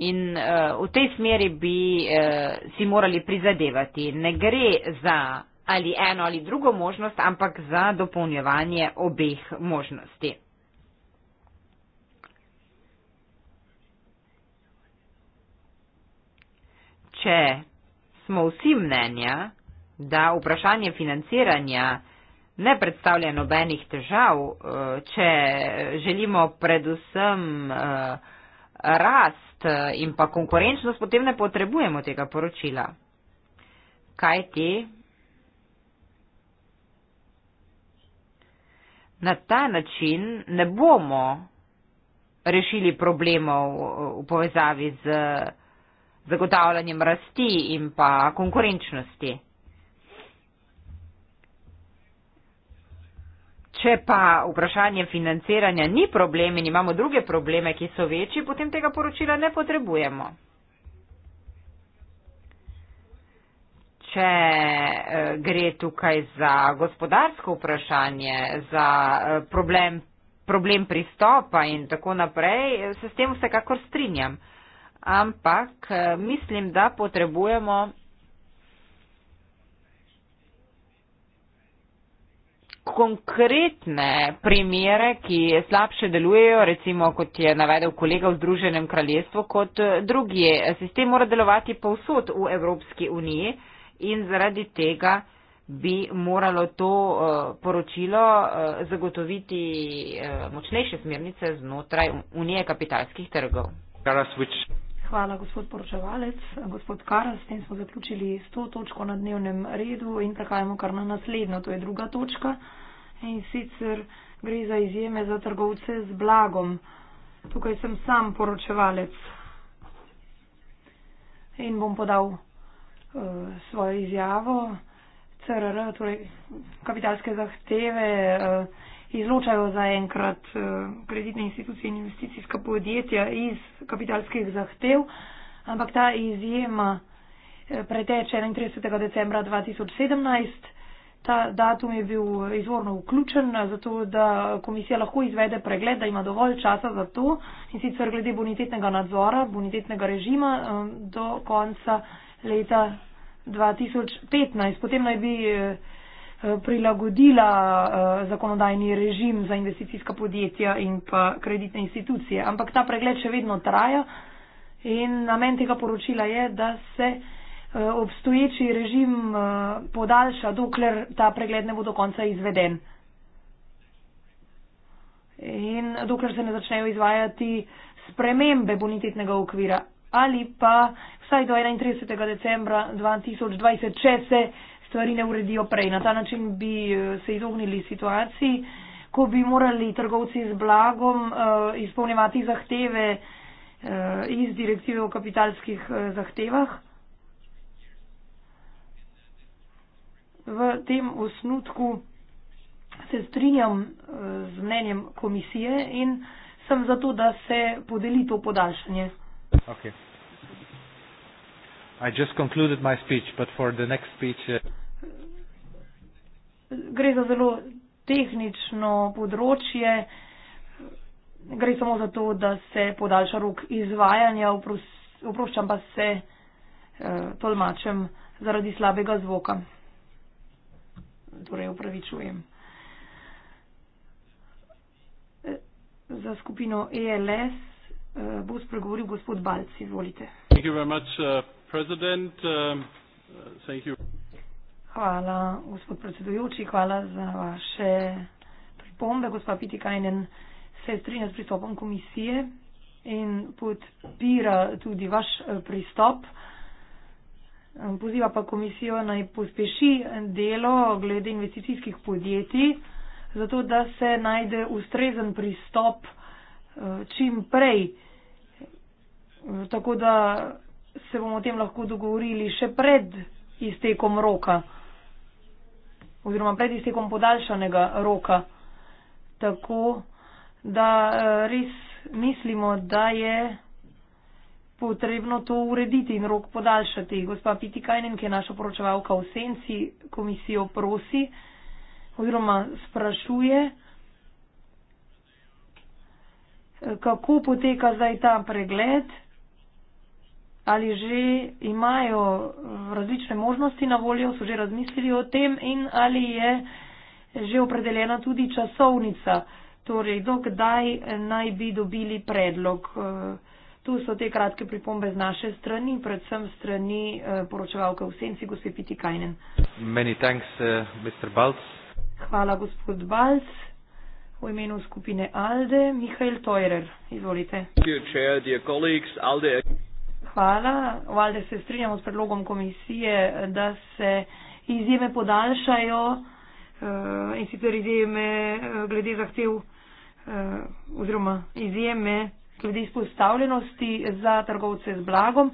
In uh, v tej smeri bi uh, si morali prizadevati. Ne gre za ali eno ali drugo možnost, ampak za dopolnjevanje obeh možnosti. Če smo vsi mnenja, da vprašanje financiranja ne predstavlja nobenih težav, eh, če želimo predvsem uh, rast eh, in pa konkurenčnost, potem ne potrebujemo tega poročila. Kaj ti? Na ta način ne bomo rešili problemov eh, v povezavi z zagotavljanjem rasti in pa konkurenčnosti. Če pa vprašanje financiranja ni problem in imamo druge probleme, ki so večji, potem tega poročila ne potrebujemo. Če eh, gre tukaj za gospodarsko vprašanje, za eh, problem, problem pristopa in tako naprej, se s tem vsekakor strinjam. Ampak eh, mislim, da potrebujemo konkretne primere, ki slabše delujejo, recimo kot je navedel kolega v Združenem kraljestvu, kot eh, drugi. Sistem mora delovati povsod v Evropski uniji in zaradi tega bi moralo to eh, poročilo eh, zagotoviti močnejše smernice znotraj Unije kapitalskih trgov hvala, gospod poročevalec. Gospod Karl, s tem smo zaključili s to točko na dnevnem redu in prehajamo kar na naslednjo, to je druga točka. In sicer gre za izjeme za trgovce z blagom. Tukaj sem sam poročevalec in bom podal uh, svojo izjavo. CRR, torej kapitalske zahteve. Uh, izločajo zaenkrat eh, kreditne institucije in investicijska podjetja iz kapitalskih zahtev, ampak ta izjema eh, preteče 31. decembra 2017. Ta datum je bil izvorno vključen, zato da komisija lahko izvede pregled, da ima dovolj časa za to in sicer glede bonitetnega nadzora, bonitetnega režima eh, do konca leta 2015. Potem naj bi Eh, prilagodila eh, zakonodajni režim za investicijska podjetja in pa kreditne institucije. Ampak ta pregled še vedno traja in namen tega poročila je, da se eh, obstoječi režim podaljša, dokler ta pregled ne bo do konca izveden. In dokler se ne začnejo izvajati spremembe bonitetnega okvira ali pa vsaj do 31. decembra 2020, če se stvari ne uredijo prej. Na ta način bi eh, se izognili situaciji, ko bi morali trgovci z blagom uh, izpolnjevati zahteve uh, iz direktive o kapitalskih uh, zahtevah. V tem osnutku se strinjam z mnenjem komisije in sem zato, da se podeli to podaljšanje. Okay. I just concluded my speech, but for the next speech. Uh, Gre za zelo tehnično področje. Gre samo za to, da se podaljša rok izvajanja, oproščam pa se eh, tolmačem zaradi slabega zvoka. Torej, upravičujem. Za skupino ELS eh, uh, bo spregovoril gospod Balc, izvolite. Thank you very much. Uh... President, uh, uh, thank you. Hvala, gospod predsedujoči, hvala za vaše pripombe, gospa Pitikajnen. Se strinja s pristopom komisije in podpira tudi vaš eh, pristop. Eh, poziva pa komisijo naj pospeši delo glede investicijskih podjetij, zato da se najde ustrezen pristop eh, čim prej. Tako da se bomo o tem lahko dogovorili še pred iztekom roka oziroma pred iztekom podaljšanega roka. Tako da eh, res mislimo, da je potrebno to urediti in rok podaljšati. Gospa Piti Kajnen, ki je naša poročevalka v senci, komisijo prosi oziroma sprašuje, eh, kako poteka zdaj ta pregled ali že imajo različne možnosti na voljo, so že razmislili o tem in ali je že opredeljena tudi časovnica, torej dokdaj naj bi dobili predlog. Eh, tu so te kratke pripombe z naše strani, predvsem strani eh, poročevalke v senci, gospe Piti Kajnen. Many thanks, eh, Mr. Balc. Hvala, gospod Balc. V imenu skupine ALDE, Mihajl Teurer, izvolite. Thank you, chair, dear colleagues, ALDE hvala. Valde se strinjamo s predlogom komisije, da se izjeme podaljšajo eh, in sicer izjeme eh, glede zahtev eh, oziroma izjeme glede izpostavljenosti za trgovce z blagom.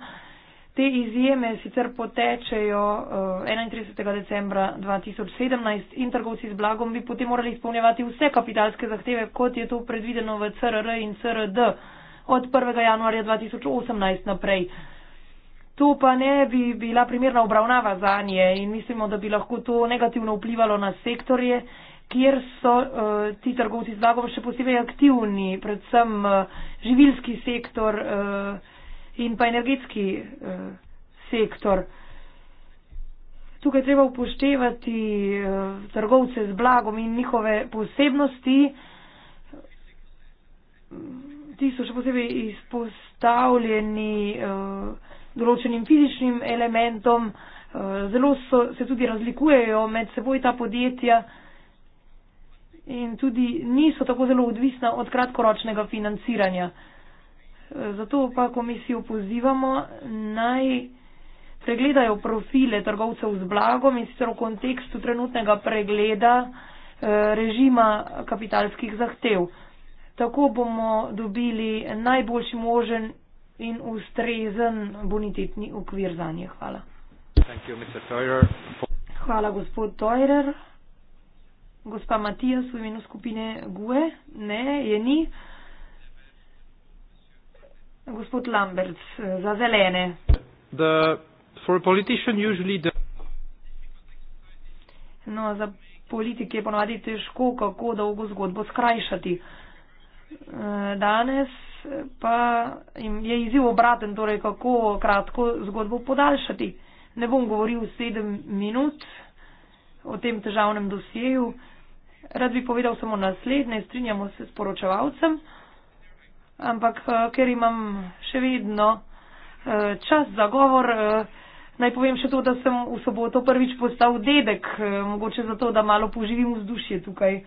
Te izjeme sicer potečejo 31. decembra 2017 in trgovci z blagom bi potem morali izpolnjevati vse kapitalske zahteve, kot je to predvideno v CRR in CRD od 1. januarja 2018 naprej. To pa ne bi bila primerna obravnava za nje in mislimo, da bi lahko to negativno vplivalo na sektorje, kjer so uh, ti trgovci z blagom še posebej aktivni, predvsem uh, živilski sektor uh, in pa energetski uh, sektor. Tukaj treba upoštevati uh, trgovce z blagom in njihove posebnosti. Uh, ti so še posebej izpostavljeni uh, določenim fizičnim elementom, uh, zelo so, se tudi razlikujejo med seboj ta podjetja in tudi niso tako zelo odvisna od kratkoročnega financiranja. Eh, zato pa komisijo pozivamo naj pregledajo profile trgovcev z blagom in sicer v kontekstu trenutnega pregleda režima kapitalskih zahtev. Tako bomo dobili najboljši možen in ustrezen bonitetni okvir za nje. Hvala. You, Hvala, gospod Teurer. Gospa Matijas v imenu skupine GUE? Ne, je ni. Gospod Lambert za zelene. The, the... No, za politike je ponavadi težko, kako dolgo zgodbo skrajšati. Danes pa je izjiv obraten, torej kako kratko zgodbo podaljšati. Ne bom govoril sedem minut o tem težavnem dosjeju. Rad bi povedal samo naslednje, strinjamo se s poročevalcem, ampak eh, ker imam še vedno eh, čas za govor, eh, naj povem še to, da sem v soboto prvič postal dedek, mogoče zato, da malo poživim vzdušje tukaj.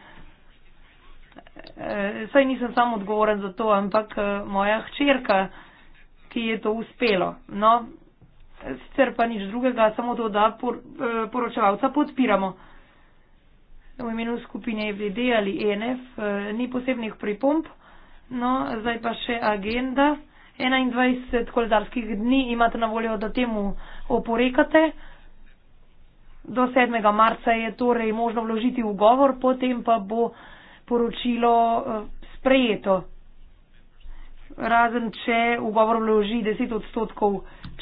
Eh, saj nisem sam odgovoren za to, ampak eh, moja hčerka, ki je to uspelo. No, sicer pa nič drugega, samo to, da por, eh, poročevalca podpiramo. V imenu skupine FDD e ali ENF ni posebnih pripomp. No, zdaj pa še agenda. 21 koledarskih dni imate na voljo, da temu oporekate. Do 7. marca je torej možno vložiti ugovor, potem pa bo poročilo eh, sprejeto. Razen, če ugovor vloži 10 odstotkov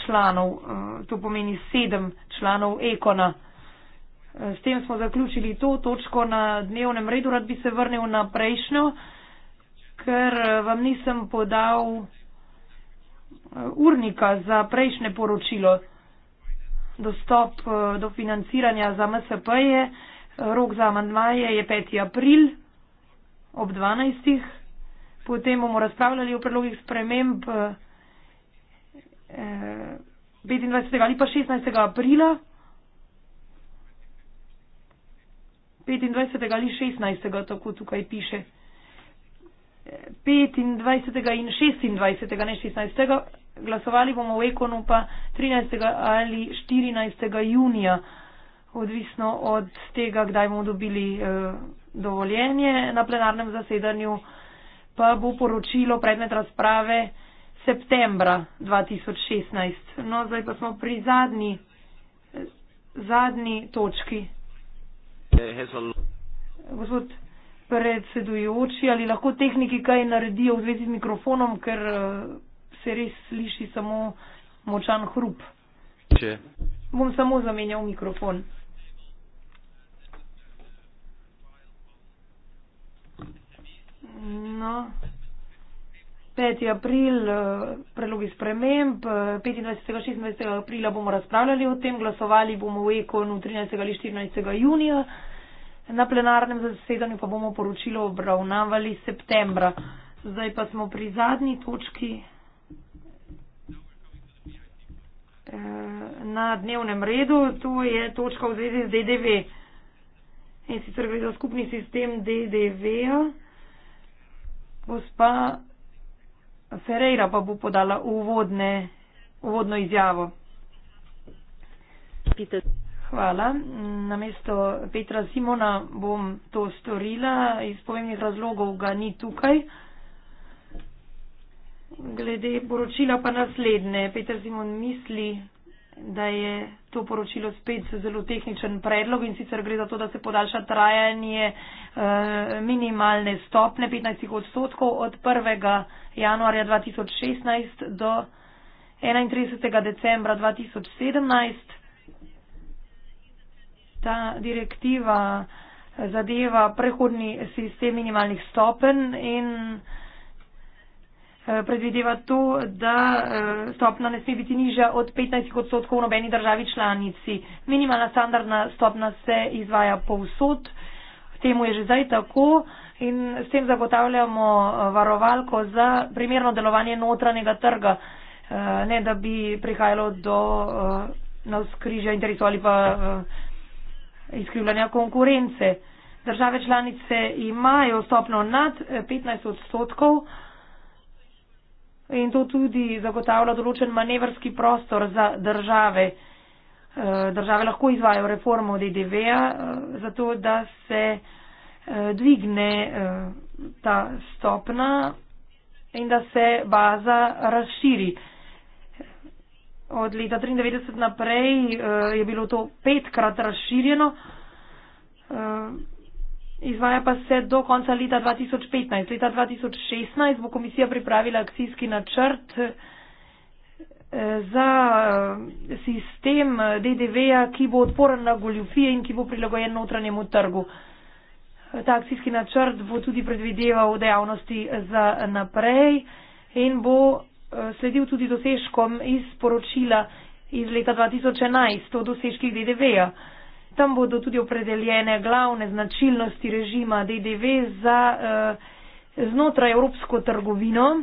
članov, eh, to pomeni 7 članov ekona. Eh, s tem smo zaključili to točko na dnevnem redu. Rad bi se vrnil na prejšnjo, ker vam nisem podal urnika za prejšnje poročilo. Dostop do financiranja za MSP je, rok za amandmaje je 5. april ob 12. Potem bomo razpravljali o predlogih sprememb 25. Eh, ali pa 16. aprila. 25. ali 16. tako tukaj piše. 25. in 26. ne 16. glasovali bomo v Ekonu pa 13. ali 14. junija, odvisno od tega, kdaj bomo dobili. Eh, dovoljenje na plenarnem zasedanju, pa bo poročilo predmet razprave septembra 2016. No, zdaj pa smo pri zadnji, zadnji točki. Gospod predsedujoči, ali lahko tehniki kaj naredijo v zvezi z mikrofonom, ker se res sliši samo močan hrup. Če. Bom samo zamenjal mikrofon. No. 5. april, eh, prelogi sprememb, 25. in 26. aprila bomo razpravljali o tem, glasovali bomo v Ekonu 13. ali 14. junija, na plenarnem zasedanju pa bomo poročilo obravnavali septembra. Zdaj pa smo pri zadnji točki eh, na dnevnem redu, to je točka v zvezi z DDV. In sicer gre za skupni sistem DDV-ja gospa Ferreira pa bo podala uvodne, uvodno izjavo. Peter. Hvala. Na mesto Petra Simona bom to storila. Iz povemnih razlogov ga ni tukaj. Glede poročila pa naslednje. Peter Simon misli, da je to poročilo spet zelo tehničen predlog in sicer gre za to, da se podaljša trajanje eh, minimalne stopne 15 odstotkov od 1. januarja 2016 do 31. decembra 2017. Ta direktiva zadeva prehodni sistem minimalnih stopen in Eh, predvideva to, da eh, stopna ne sme biti nižja od 15 odstotkov v nobeni državi članici. Minimalna standardna stopna se izvaja povsod, temu je že zdaj tako in s tem zagotavljamo eh, varovalko za primerno delovanje notranjega trga, ne da bi prihajalo do navskrižja interesov ali pa izkrivljanja konkurence. Države članice imajo stopno nad 15 odstotkov, in to tudi zagotavlja določen manevrski prostor za države. Eh, države lahko izvajo reformo DDV-ja, eh, zato da se eh, dvigne ta stopna in da se baza razširi. Od leta 1993 naprej je bilo to petkrat razširjeno. Izvaja pa se do konca leta 2015. Leta 2016 bo komisija pripravila akcijski načrt eh, za eh, sistem eh, DDV-ja, ki bo odporen na goljufije in ki bo prilagojen notranjemu trgu. Ta akcijski načrt bo tudi predvideval dejavnosti za naprej in bo sledil tudi dosežkom iz poročila iz leta 2011 o dosežkih DDV-ja tam bodo tudi opredeljene glavne značilnosti režima DDV za eh, znotraj evropsko trgovino.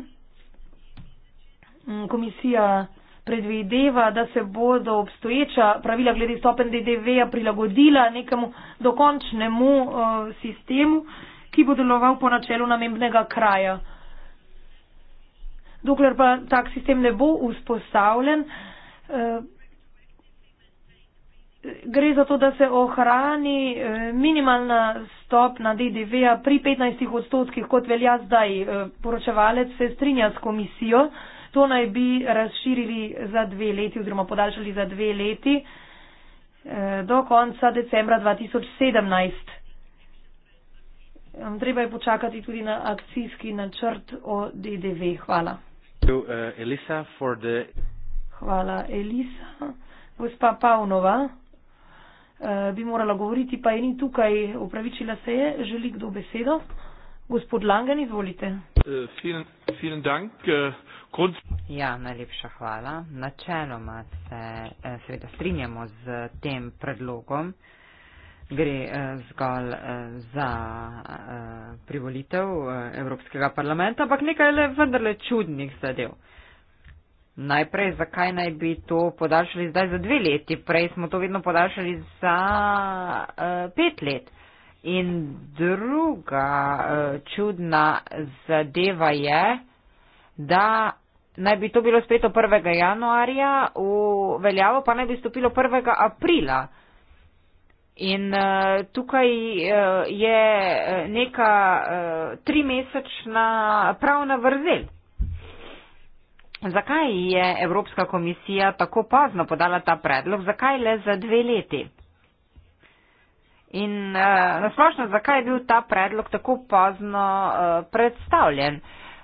Mm, komisija predvideva, da se bodo obstoječa pravila glede stopen DDV-ja prilagodila nekemu dokončnemu eh, sistemu, ki bo deloval po načelu namembnega kraja. Dokler pa tak sistem ne bo vzpostavljen, eh, gre za to, da se ohrani eh, minimalna stopna DDV-ja pri 15 odstotkih, kot velja zdaj. Eh, poročevalec se strinja s komisijo, to naj bi razširili za dve leti oziroma podaljšali za dve leti eh, do konca decembra 2017. Ehm, treba je počakati tudi na akcijski načrt o DDV. Hvala. To, uh, Elisa the... Hvala, Elisa. Gospa Pavnova. Eh, bi morala govoriti, pa je ni tukaj, upravičila se je, želi kdo besedo. Gospod Langen, izvolite. Eh, eh, ja, najlepša hvala. Načeloma se seveda strinjamo z tem predlogom. Gre zgolj za privolitev Evropskega parlamenta, ampak nekaj le vendarle čudnih zadev. Najprej, zakaj naj bi to podaljšali zdaj za dve leti? Prej smo to vedno podaljšali za uh, pet let. In druga uh, čudna zadeva je, da naj bi to bilo spreto 1. januarja, v veljavo pa naj bi stopilo 1. aprila. In uh, tukaj uh, je neka uh, trimesečna pravna vrzel. Zakaj je Evropska komisija tako pozno podala ta predlog? Zakaj le za dve leti? In uh, eh, nasplošno, zakaj je bil ta predlog tako pozno uh, predstavljen?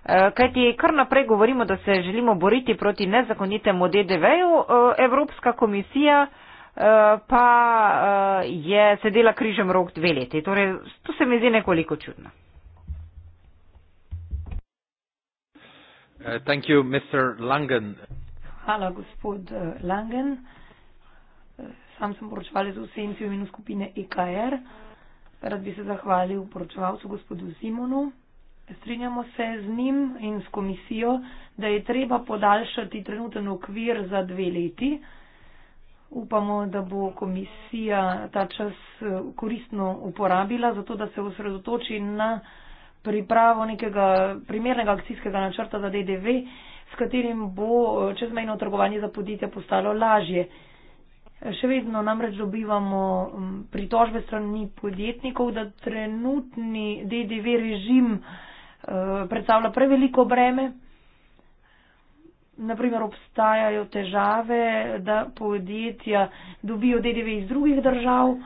Eh, kajti kar naprej govorimo, da se želimo boriti proti nezakonitemu DDV-ju, Evropska komisija pa je sedela križem rok dve leti. Torej, to se mi zdi nekoliko čudno. Uh, thank you, Mr. Langen. Hvala, gospod uh, Langen. Uh, sam sem poročevalec v senci v imenu skupine EKR. Rad bi se zahvalil poročevalcu gospodu Simonu. Strinjamo se z njim in s komisijo, da je treba podaljšati trenuten okvir za dve leti. Upamo, da bo komisija ta čas uh, koristno uporabila, zato da se osredotoči na pripravo nekega primernega akcijskega načrta za DDV, s katerim bo čezmejno trgovanje za podjetja postalo lažje. Še vedno namreč dobivamo pritožbe strani podjetnikov, da trenutni DDV režim e, predstavlja preveliko breme. Naprimer, obstajajo težave, da podjetja dobijo DDV iz drugih držav.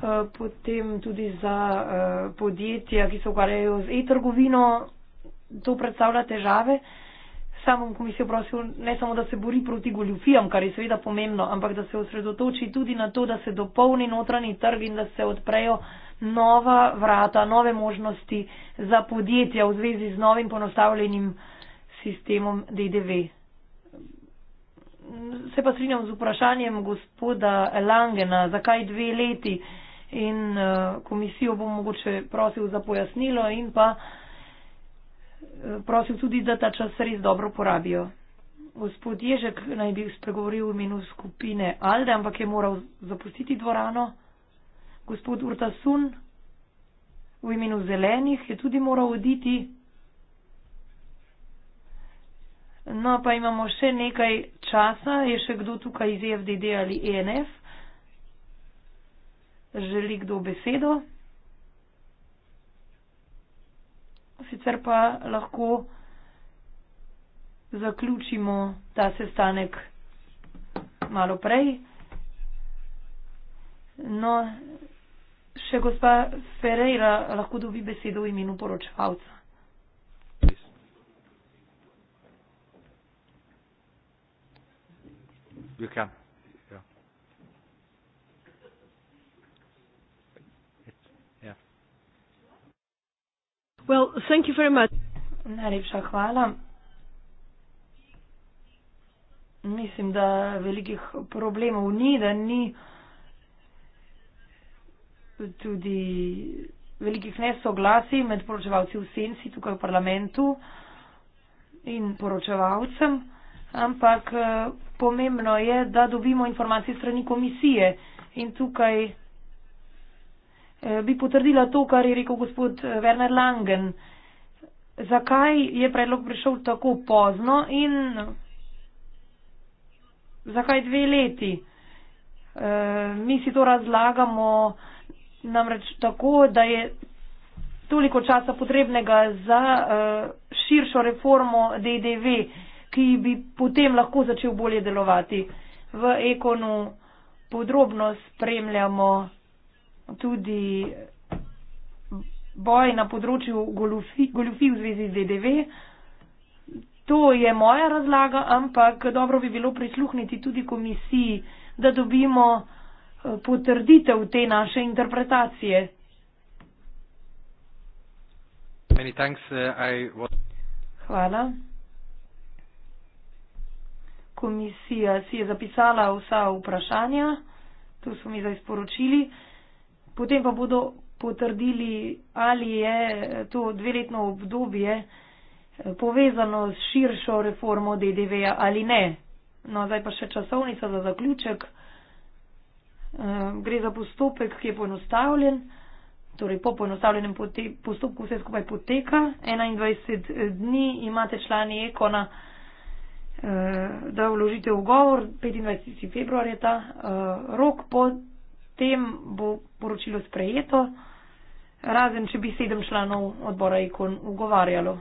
Eh, potem tudi za eh, podjetja, ki se ukvarjajo z e-trgovino, to predstavlja težave. Sam bom komisijo prosil ne samo, da se bori proti goljufijam, kar je seveda pomembno, ampak da se osredotoči tudi na to, da se dopolni notranji trg in da se odprejo nova vrata, nove možnosti za podjetja v zvezi z novim ponostavljenim sistemom DDV. Se pa strinjam z vprašanjem gospoda Langena, zakaj dve leti? Uh, in uh, komisijo bom mogoče prosil za pojasnilo in pa eh, prosil tudi, da ta čas res dobro porabijo. Gospod Ježek naj bi spregovoril v imenu skupine Alde, ampak je moral zapustiti dvorano. Gospod Urtasun v imenu zelenih je tudi moral oditi. No, pa imamo še nekaj časa, je še kdo tukaj iz FDD ali ENF? želi kdo besedo. Sicer pa lahko zaključimo ta sestanek malo prej. No, še gospa Ferreira lahko dobi besedo v imenu poročevalca. Vi kan. Well, thank you very much. Najlepša hvala. Mislim, da velikih problemov ni, da ni tudi velikih nesoglasij med poročevalci v senci tukaj v parlamentu in poročevalcem, ampak eh, pomembno je, da dobimo informacije strani komisije in tukaj Eh, bi potrdila to, kar je rekel gospod eh, Werner Langen. Zakaj je predlog prišel tako pozno in zakaj dve leti? Eh, mi si to razlagamo namreč tako, da je toliko časa potrebnega za širšo reformo DDV, ki bi potem lahko začel bolje delovati. V ekonu podrobno spremljamo tudi boj na področju goljufij v zvezi z DDV. To je moja razlaga, ampak dobro bi bilo prisluhniti tudi komisiji, da dobimo eh, potrditev te naše interpretacije. Thanks, uh, Hvala. Komisija si je zapisala vsa vprašanja, to so mi zdaj sporočili. Potem pa bodo potrdili, ali je eh, to dveletno obdobje eh, povezano s širšo reformo DDV-ja ali ne. No, zdaj pa še časovnica za zaključek. Eh, gre za postopek, ki je poenostavljen. Torej, po poenostavljenem postopku vse skupaj poteka. 21 dni imate člani Ekona, da vložite ugovor, 25. februar je ta rok pod tem bo poročilo sprejeto, razen če bi sedem članov odbora ikon ugovarjalo.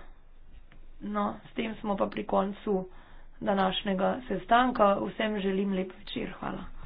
No, s tem smo pa pri koncu današnjega sestanka. Vsem želim lep večer. Hvala.